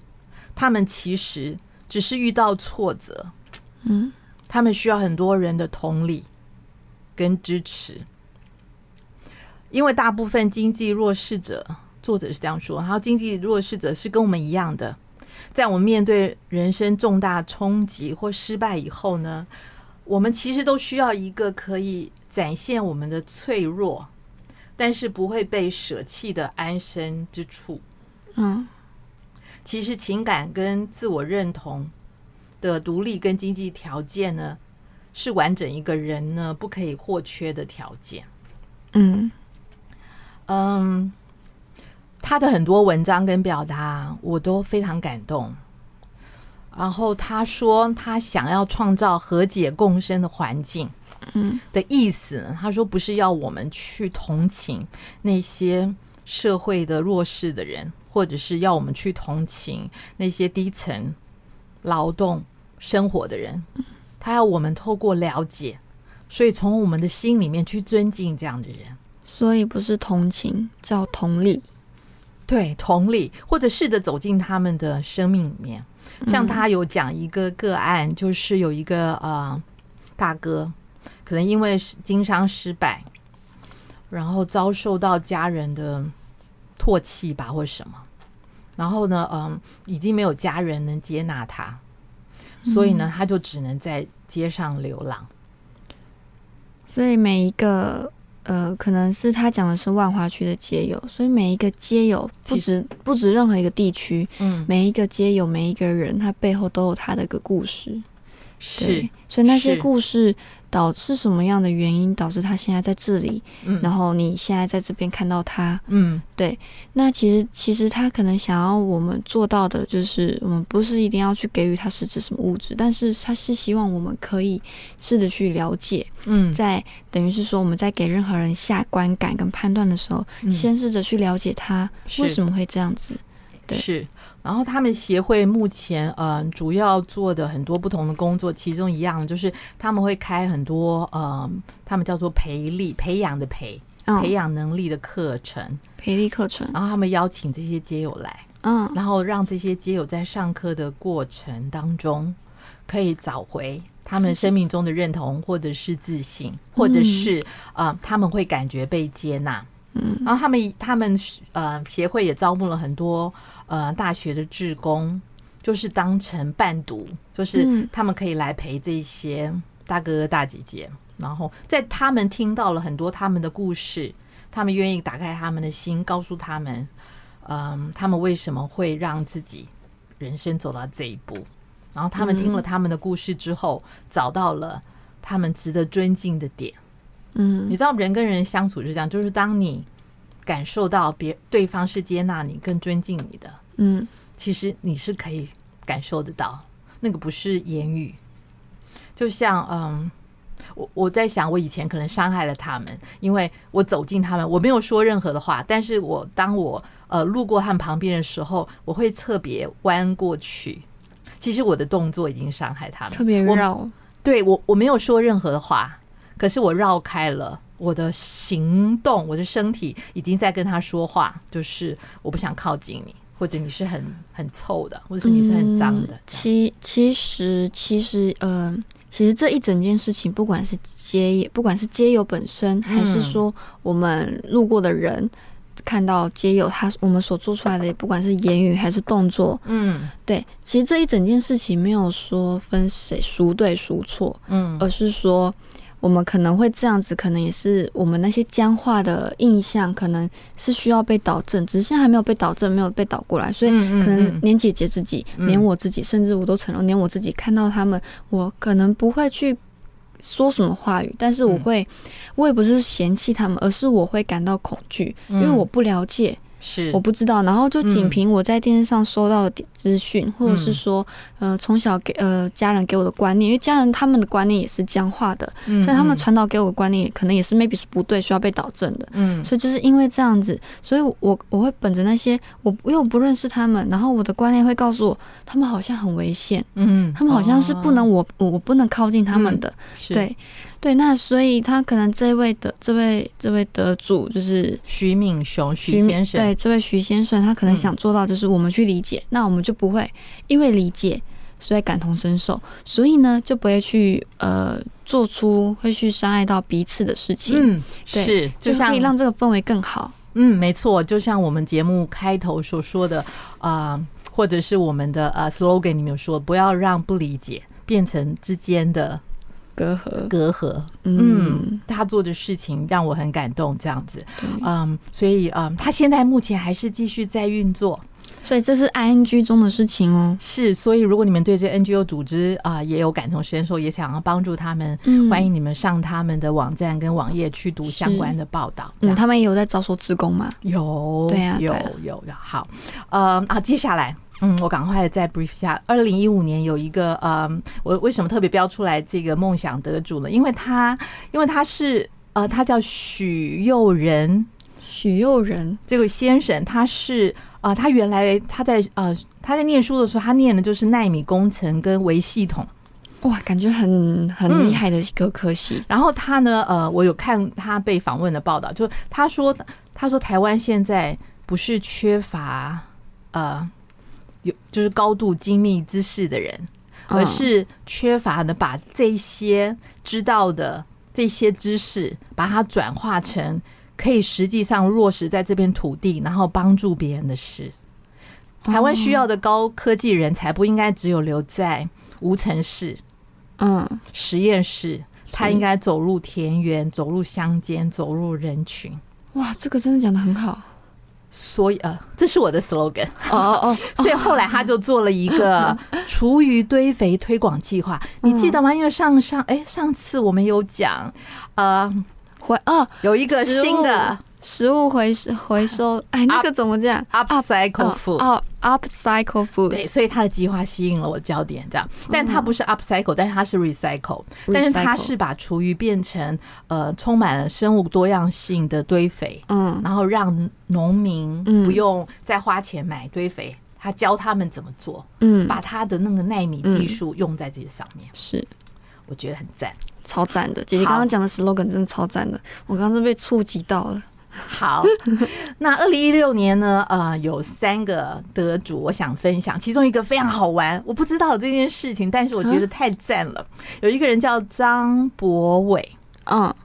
他們其實只是遇到挫折，嗯，他們需要很多人的同理跟支持，因為大部分經濟弱勢者，作者是這樣說。然後，經濟弱勢者是跟我們一樣的，在我們面對人生重大衝擊或失敗以後呢，我們其實都需要一個可以展現我們的脆弱，但是不會被捨棄的安身之處，嗯。其實情感跟自我認同的獨立跟經濟條件呢，是完整一個人呢不可以或缺的條件。嗯嗯，他的很多文章跟表達我都非常感動。然後他說他想要創造和解共生的環境的意思，嗯，他說不是要我們去同情那些社會的弱勢的人。或者是要我們去同情那些低層勞動生活的人，他要我們透過了解，所以從我們的心裡面去尊敬這樣的人。所以不是同情，叫同理。對，同理，或者試着走進他們的生命裡面。像他有講一個個案，就是有一個呃大哥，可能因為經商失敗，然後遭受到家人的唾棄吧，或者什麼，然後呢，嗯，已經沒有家人能接納他，嗯，所以呢，他就只能在街上流浪。所以每一個，呃，可能是他講的是萬華區的街友，所以每一個街友，不止不止任何一個地區，嗯，每一個街友，每一個人，他背後都有他的一個故事，是，所以那些故事。導致什麼樣的原因導致他現在在這裡？嗯，然後你現在在這邊看到他，嗯，對。那其實，其實他可能想要我們做到的就是，我們不是一定要去給予他實質什麼物質，但是他是希望我們可以試着去了解，嗯，在等於是說我們在給任何人下觀感跟判斷的時候，嗯，先試着去了解他為什麼會這樣子。是，然後他們協會目前嗯、呃、主要做的很多不同的工作，其中一樣就是他們會開很多呃他們叫做培力培養的培、嗯、培養能力的課程培力課程，然後他們邀請這些街友來，嗯，然後讓這些街友在上課的過程當中可以找回他們生命中的認同，或者是自信，嗯、或者是、呃、他們會感覺被接納，嗯，然後他們他們呃協會也招募了很多。呃，大學的志工就是當成伴讀，就是他們可以來陪這些大哥哥大姐姐，然後在他們聽到了很多他們的故事，他們願意打開他們的心，告訴他們，嗯，他們為什麼會讓自己人生走到這一步，然後他們聽了他們的故事之後，找到了他們值得尊敬的點。嗯，你知道人跟人相處是這樣，就是當你。感受到別對方是接納你，更尊敬你的，嗯，其實你是可以感受得到，那個不是言語。就像嗯，我我在想，我以前可能傷害了他們，因為我走近他們，我沒有說任何的話，但是我當我呃路過他們旁邊的時候，我會特別彎過去。其實我的動作已經傷害他們，特別繞。對我我沒有說任何的話，可是我繞開了。我的行動，我的身體已經在跟他說話，就是我不想靠近你，或者你是很很臭的，或者你是很髒的。嗯、其其實其實呃，其實這一整件事情，不管是街友，也不管是街友本身、嗯，還是說我們路過的人看到街友他我們所做出來的，也不管是言語還是動作，嗯，對。其實這一整件事情沒有說分誰孰對孰錯，嗯，而是說。我們可能會這樣子，可能也是我們那些僵化的印象，可能是需要被導正，只是現在還沒有被導正，沒有被導過來，所以可能連姐姐自己，嗯嗯、連我自己，嗯、甚至我都承認，連我自己看到他們，我可能不會去說什麼話語，但是我會，嗯、我也不是嫌棄他們，而是我會感到恐懼，因為我不了解。嗯是我不知道，然後就僅憑我在電視上收到的資訊，嗯、或者是說，呃，從小給呃家人給我的觀念，因為家人他們的觀念也是僵化的，嗯、所以他們傳導給我的觀念可能也是 maybe 是不對，需要被導正的。嗯，所以就是因為這樣子，所以我我會本着那些我因為我不認識他們，然後我的觀念會告訴我，他們好像很危險，嗯，他們好像是不能我、嗯、我不能靠近他們的，嗯、對。對，那所以他可能這位的這位這位得主就是徐敏雄徐先生，對這位徐先生，他可能想做到就是我們去理解，嗯、那我們就不會因為理解，所以感同身受，所以呢就不會去呃做出會去傷害到彼此的事情。嗯，對是，所以可以讓這個氛圍更好。嗯，沒錯，就像我們節目開頭所說的啊、呃，或者是我們的呃、啊、slogan 裡面說，不要讓不理解變成之間的。隔閡，隔閡嗯，嗯，他做的事情讓我很感動，這樣子，嗯，所以，嗯，他現在目前還是繼續在運作，所以這是 I N G 中的事情哦。是，所以如果你們對這 N G O 組織啊、呃、也有感同身受，也想要幫助他們、嗯，歡迎你們上他們的網站跟網頁去讀相關的報道。嗯，他們也有在招收志工嗎？有，對呀、啊啊，有，有，好，嗯，啊，接下來。嗯，我趕快再 brief 一下。二零一五年有一個呃、嗯，我為什麼特別標出來這個夢想得主呢？因為他，因為他是呃，他叫許佑仁，許佑仁這位先生，他是啊、呃，他原來他在呃，他在念書的時候，他念的就是奈米工程跟微系統，哇，感覺很很厲害的一個科系，嗯。然後他呢，呃，我有看他被訪問的報道，就他說他說台灣現在不是缺乏呃。有就是高度精密知識的人，而是缺乏的把這些知道的這些知識，把它轉化成可以實際上落實在這片土地，然後幫助別人的事。台灣需要的高科技人才不應該只有留在無塵室，嗯，實驗室，他應該走入田園，走入鄉間，走入人群。哇，這個真的講得很好。所以呃，這是我的 slogan 哦哦，所以後來他就做了一個廚餘堆肥推廣計劃。你記得嗎？因為上上哎、欸，上次我們有講，呃，會啊，有一個新的。食物回收回收，哎，那個怎麼講？Upcycle up food，哦、oh, oh，Upcycle food，對，所以他的計劃吸引了我的焦點，這樣，但他不是 Upcycle，但是他是 recycle, recycle，但是他是把廚餘變成呃充滿了生物多樣性的堆肥，嗯，然後讓農民不用再花錢買堆肥、嗯，他教他們怎麼做，嗯，把他的那個奈米技術用在這些上面、嗯，是，我覺得很讚，超讚的，姐姐剛剛講的 slogan 真的超讚的，我剛剛是被觸及到了。好，那二零一六年呢？呃，有三個得主，我想分享。其中一個非常好玩，我不知道這件事情，但是我覺得太贊了、啊。有一個人叫張博偉，嗯、啊，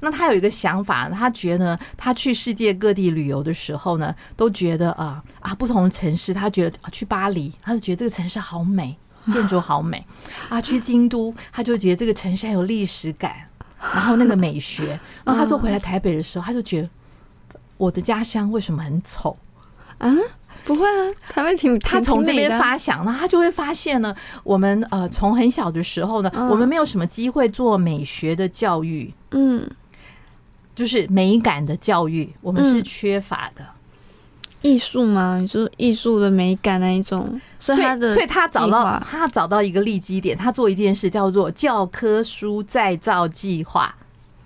那他有一個想法，他覺得他去世界各地旅遊的時候呢，都覺得啊啊，不同的城市，他覺得、啊、去巴黎，他就覺得這個城市好美，建築好美啊，啊；去京都，他就覺得這個城市很有歷史感、啊，然後那個美學、啊。然後他坐回來台北的時候，他就覺得。我的家鄉為什麼很醜？啊，不會啊，他們挺，挺，他從這邊發想，那、啊、他就會發現呢，我們呃，從很小的時候呢，啊、我們沒有什麼機會做美學的教育，嗯，就是美感的教育，我們是缺乏的。嗯、藝術嗎？就是藝術的美感那一種。所以，他的所以，所以他找到他找到一個立基點，他做一件事叫做教科書再造計劃。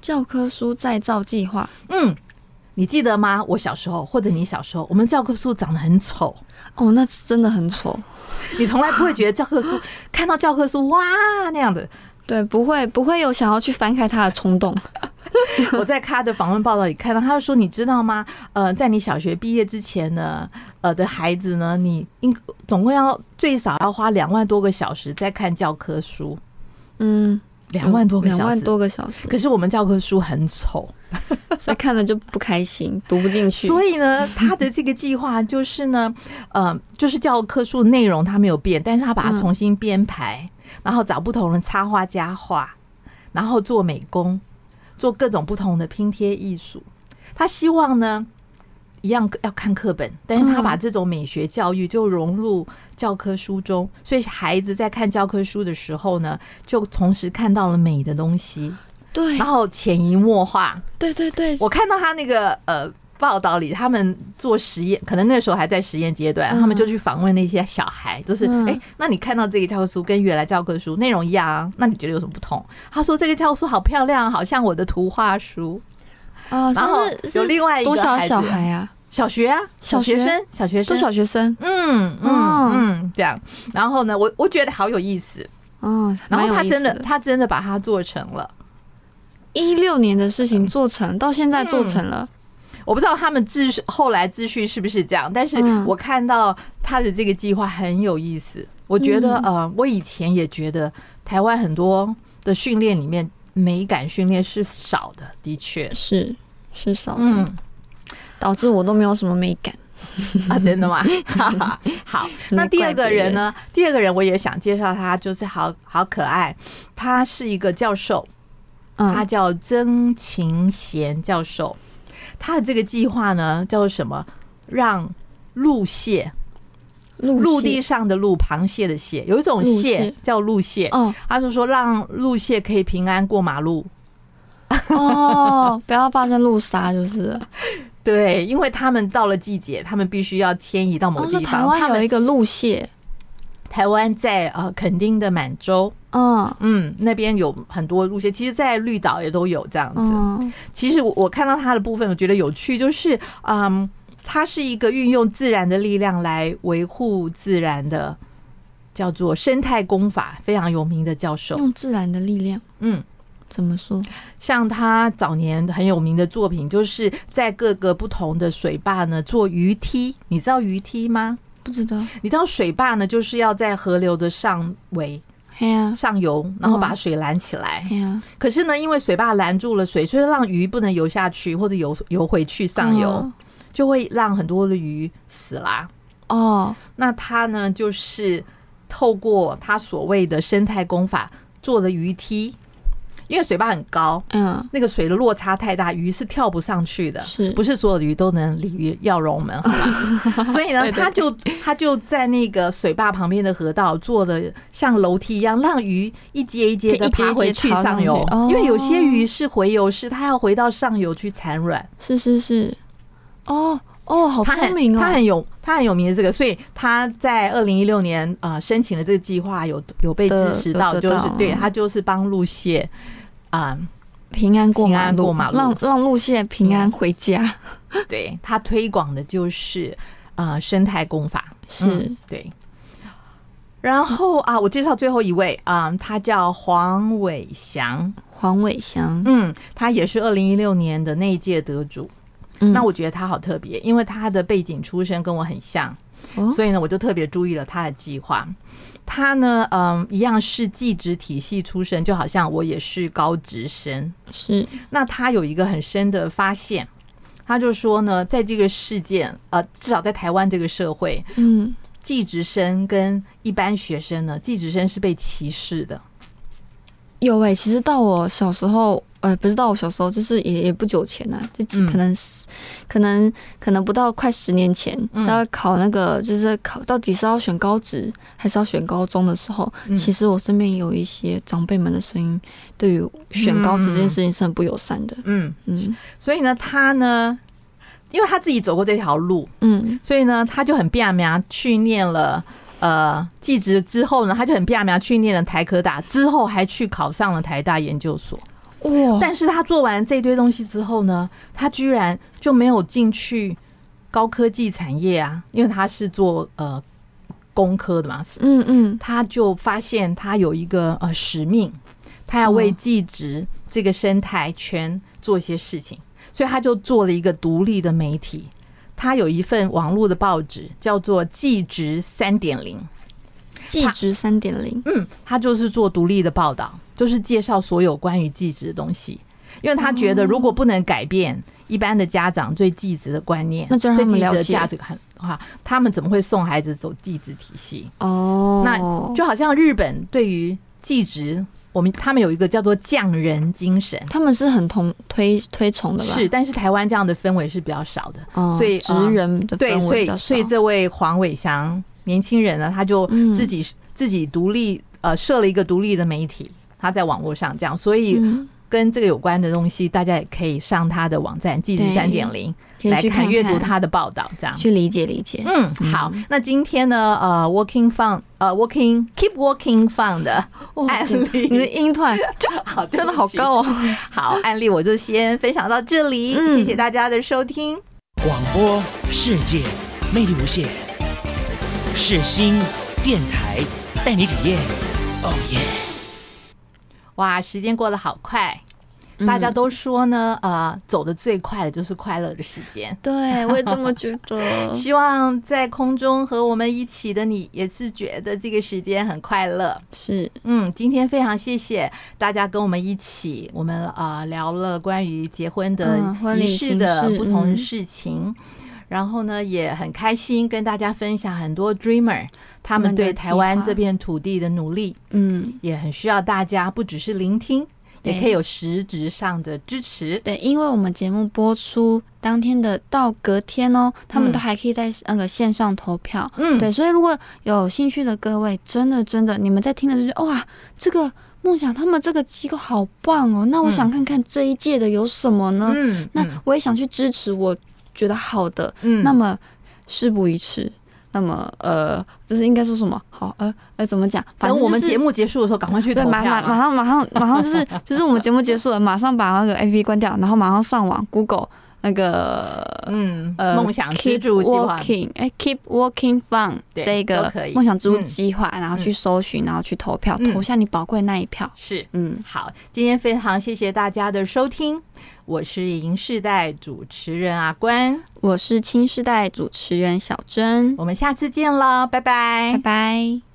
教科書再造計劃，嗯。你記得嗎？我小時候或者你小時候，我們教科書長得很醜哦，那是真的很醜。 你從來不會覺得教科書，看到教科書哇那樣的， 對，不會不會有想要去翻開他的衝動。 我在他的訪問報道裡看到，他就說：“你知道嗎？呃，在你小學畢業之前呢，呃的孩子呢，你應總共要最少要花兩萬多個小時在看教科書。”嗯。兩萬多個兩萬多個小時，可是我們教科書很醜，所以看了就不開心， 讀不進去。所以呢，他的這個計劃就是呢，呃，就是教科書內容他沒有變，但是他把它重新編排，然後找不同的插畫家畫，然後做美工，做各種不同的拼貼藝術。他希望呢，一樣要看課本，但是他把這種美學教育，就融入教科書中。嗯，所以孩子在看教科書的時候呢，就同時看到了美的東西。對，然後潛移默化。對對對，我看到他那個呃報道裡，他們做實驗，可能那時候還在實驗階段。嗯，他們就去訪問那些小孩，就是誒、欸，那你看到這個教科書跟原來教科書內容一樣，啊，那你覺得有什麼不同？他說這個教書好漂亮，好像我的圖畫書。哦，然後有另外一個孩子，哦、多少小，小孩啊？小學啊，小學生，小學生，小學生。嗯嗯嗯，嗯，這樣。然後呢，我我覺得好有意思。哦，蠻有意思的。然後他真的，他真的把它做成了。一六年的事情做成、嗯，到現在做成了。嗯、我不知道他們自後來自序是不是這樣，但是我看到他的這個計劃很有意思。嗯、我覺得，呃，我以前也覺得台灣很多的訓練裡面。美感訓練是少的，的確是是少的，嗯，導致我都沒有什麼美感啊，真的嗎？哈 哈， 好，那第二個人呢？第二個人我也想介紹他，就是好好可愛，他是一個教授，他叫曾晴賢教授，嗯，他的這個計劃呢叫做什麼？讓陸蟹陸地上的陸，螃蟹的蟹，有一種蟹,蟹叫陸蟹。他、哦、就說讓陸蟹可以平安過馬路。哦， 不要發生路殺就是。對，因為他們到了季節，他們必須要遷移到某個地方。哦、台灣有一個陸蟹，台灣在呃墾丁的滿洲，嗯、哦、嗯，那邊有很多陸蟹。其實，在綠島也都有這樣子。哦、其實我,我看到它的部分，我覺得有趣，就是嗯。他是一個運用自然的力量來維護自然的，叫做生態工法，非常有名的教授。用自然的力量，嗯，怎麼說？像他早年很有名的作品，就是在各個不同的水壩呢做魚梯。你知道魚梯嗎？不知道。你知道水壩呢，就是要在河流的上圍，嘿啊，上游，然後把水攔起來，嗯，可是呢，因為水壩攔住了水，所以讓魚不能游下去，或者游游回去上游。嗯就會讓很多的魚死啦。哦、oh.，那他呢，就是透過他所謂的生態工法做的魚梯，因為水壩很高，嗯、mm.，那個水的落差太大，魚是跳不上去的。是不是所有的魚都能鯉魚躍龍門？好吧 所以呢，他就他就在那個水壩旁邊的河道做的像樓梯一樣，讓魚一階一階的爬回去上游。一階一階上 oh. 因為有些魚是洄游，是它要回到上游去產卵。是是是。哦哦，好聰明、哦他，他很有他很有名的這個，所以他在二零一六年啊、呃、申請了這個計劃，有有被支持到，就是對他就是幫陸蟹啊平安過馬路，讓讓陸蟹平安回家。對，他推廣的就是啊、呃、生態工法，是、嗯、對。然後啊，我介紹最後一位啊、嗯，他叫黃偉翔，黃偉翔，嗯，他也是二零一六年的那一屆得主。那我覺得他好特別，因為他的背景出身跟我很像，嗯、所以呢，我就特別注意了他的計劃。他呢，嗯，一樣是技職體系出身，就好像我也是高職生。是。那他有一個很深的發現，他就說呢，在這個世界，呃，至少在台灣這個社會，嗯，技職生跟一般學生呢，技職生是被歧視的。有哎、欸，其實到我小時候，呃，不是到我小時候，就是也也不久前吶、啊，就幾可能是、嗯、可能可能不到快十年前，要、嗯、考那個就是考到底是要選高職還是要選高中的時候，嗯、其實我身邊有一些長輩們的聲音，對於選高職這件事情是很不友善的。嗯嗯，所以呢，他呢，因為他自己走過這條路，嗯，所以呢，他就很變啊去念了。呃，技職之後呢，他就很拼命去念了台科大，之後還去考上了台大研究所。但是他做完了這堆東西之後呢，他居然就沒有進去高科技產業啊，因為他是做呃工科的嘛。嗯嗯，他就發現他有一個呃使命，他要為技職這個生態圈做一些事情，所以他就做了一個獨立的媒體。他有一份網絡的報紙，叫做《技職三點零》，技職三點零，嗯，他就是做獨立的報道，就是介紹所有關於技職的東西。因為他覺得，如果不能改變一般的家長對技職的觀念，那對他們了解的價值的話，他們怎麼會送孩子走技職體系？哦，那就好像日本對於技職。我們他們有一個叫做匠人精神，他們是很同推推崇的吧？是，但是台灣這樣的氛圍是比較少的，哦，所以職人的氛圍比較少。所以，所以這位黃偉翔年輕人呢，他就自己自己獨立呃設了一個獨立的媒體，他在網絡上這樣，所以、嗯。跟這個有關的東西，大家也可以上他的網站 G 三點零來看閱讀他的報道，這樣去理解理解嗯。嗯，好，那今天呢，呃，Walking Fund，呃，Walking Keep Walking Fund 的案例，你的音團 好真的好高哦。 好，案例我就先分享到這裡，嗯、謝謝大家的收聽。廣播世界魅力無限，是新電台帶你體驗。Oh yeah。哇，時間過得好快！大家都說呢，嗯、呃，走得最快的就是快樂的時間。對，我也這麼覺得。 希望在空中和我們一起的你，也是覺得這個時間很快樂。是，嗯，今天非常謝謝大家跟我們一起，我們啊、呃、聊了關於結婚的儀式的不同事情。嗯然後呢，也很開心跟大家分享很多 Dreamer 他們對台灣這片土地的努力。嗯，也很需要大家，不只是聆聽，也可以有實質上的支持。對，因為我們節目播出當天的到隔天哦，他們都還可以在那個線上投票。嗯，對，所以如果有興趣的各位，真的真的，你們在聽的時候哇，這個夢想，他們這個機構好棒哦。那我想看看這一屆的有什麼呢？嗯，那我也想去支持我。覺得好的，嗯，那麼事不宜遲、嗯，那麼呃，就是應該說什麼好？呃，呃，怎麼講？反正、就是、我們節目結束的時候，趕快去投票、對馬馬，馬上、馬上馬上馬上就是 就是我們節目結束了，馬上把那個 APP 關掉，然後馬上上網 Google 那個呃嗯呃夢想資助計劃，哎，Keep Walking、欸、Keep Walking Fund 這個夢想資助計劃，然後去搜尋、嗯，然後去投票，嗯、投下你寶貴那一票、嗯。是，嗯，好，今天非常謝謝大家的收聽。我是銀世代主持人阿關，我是青世代主持人小珍，我們下次見了，拜拜，拜拜。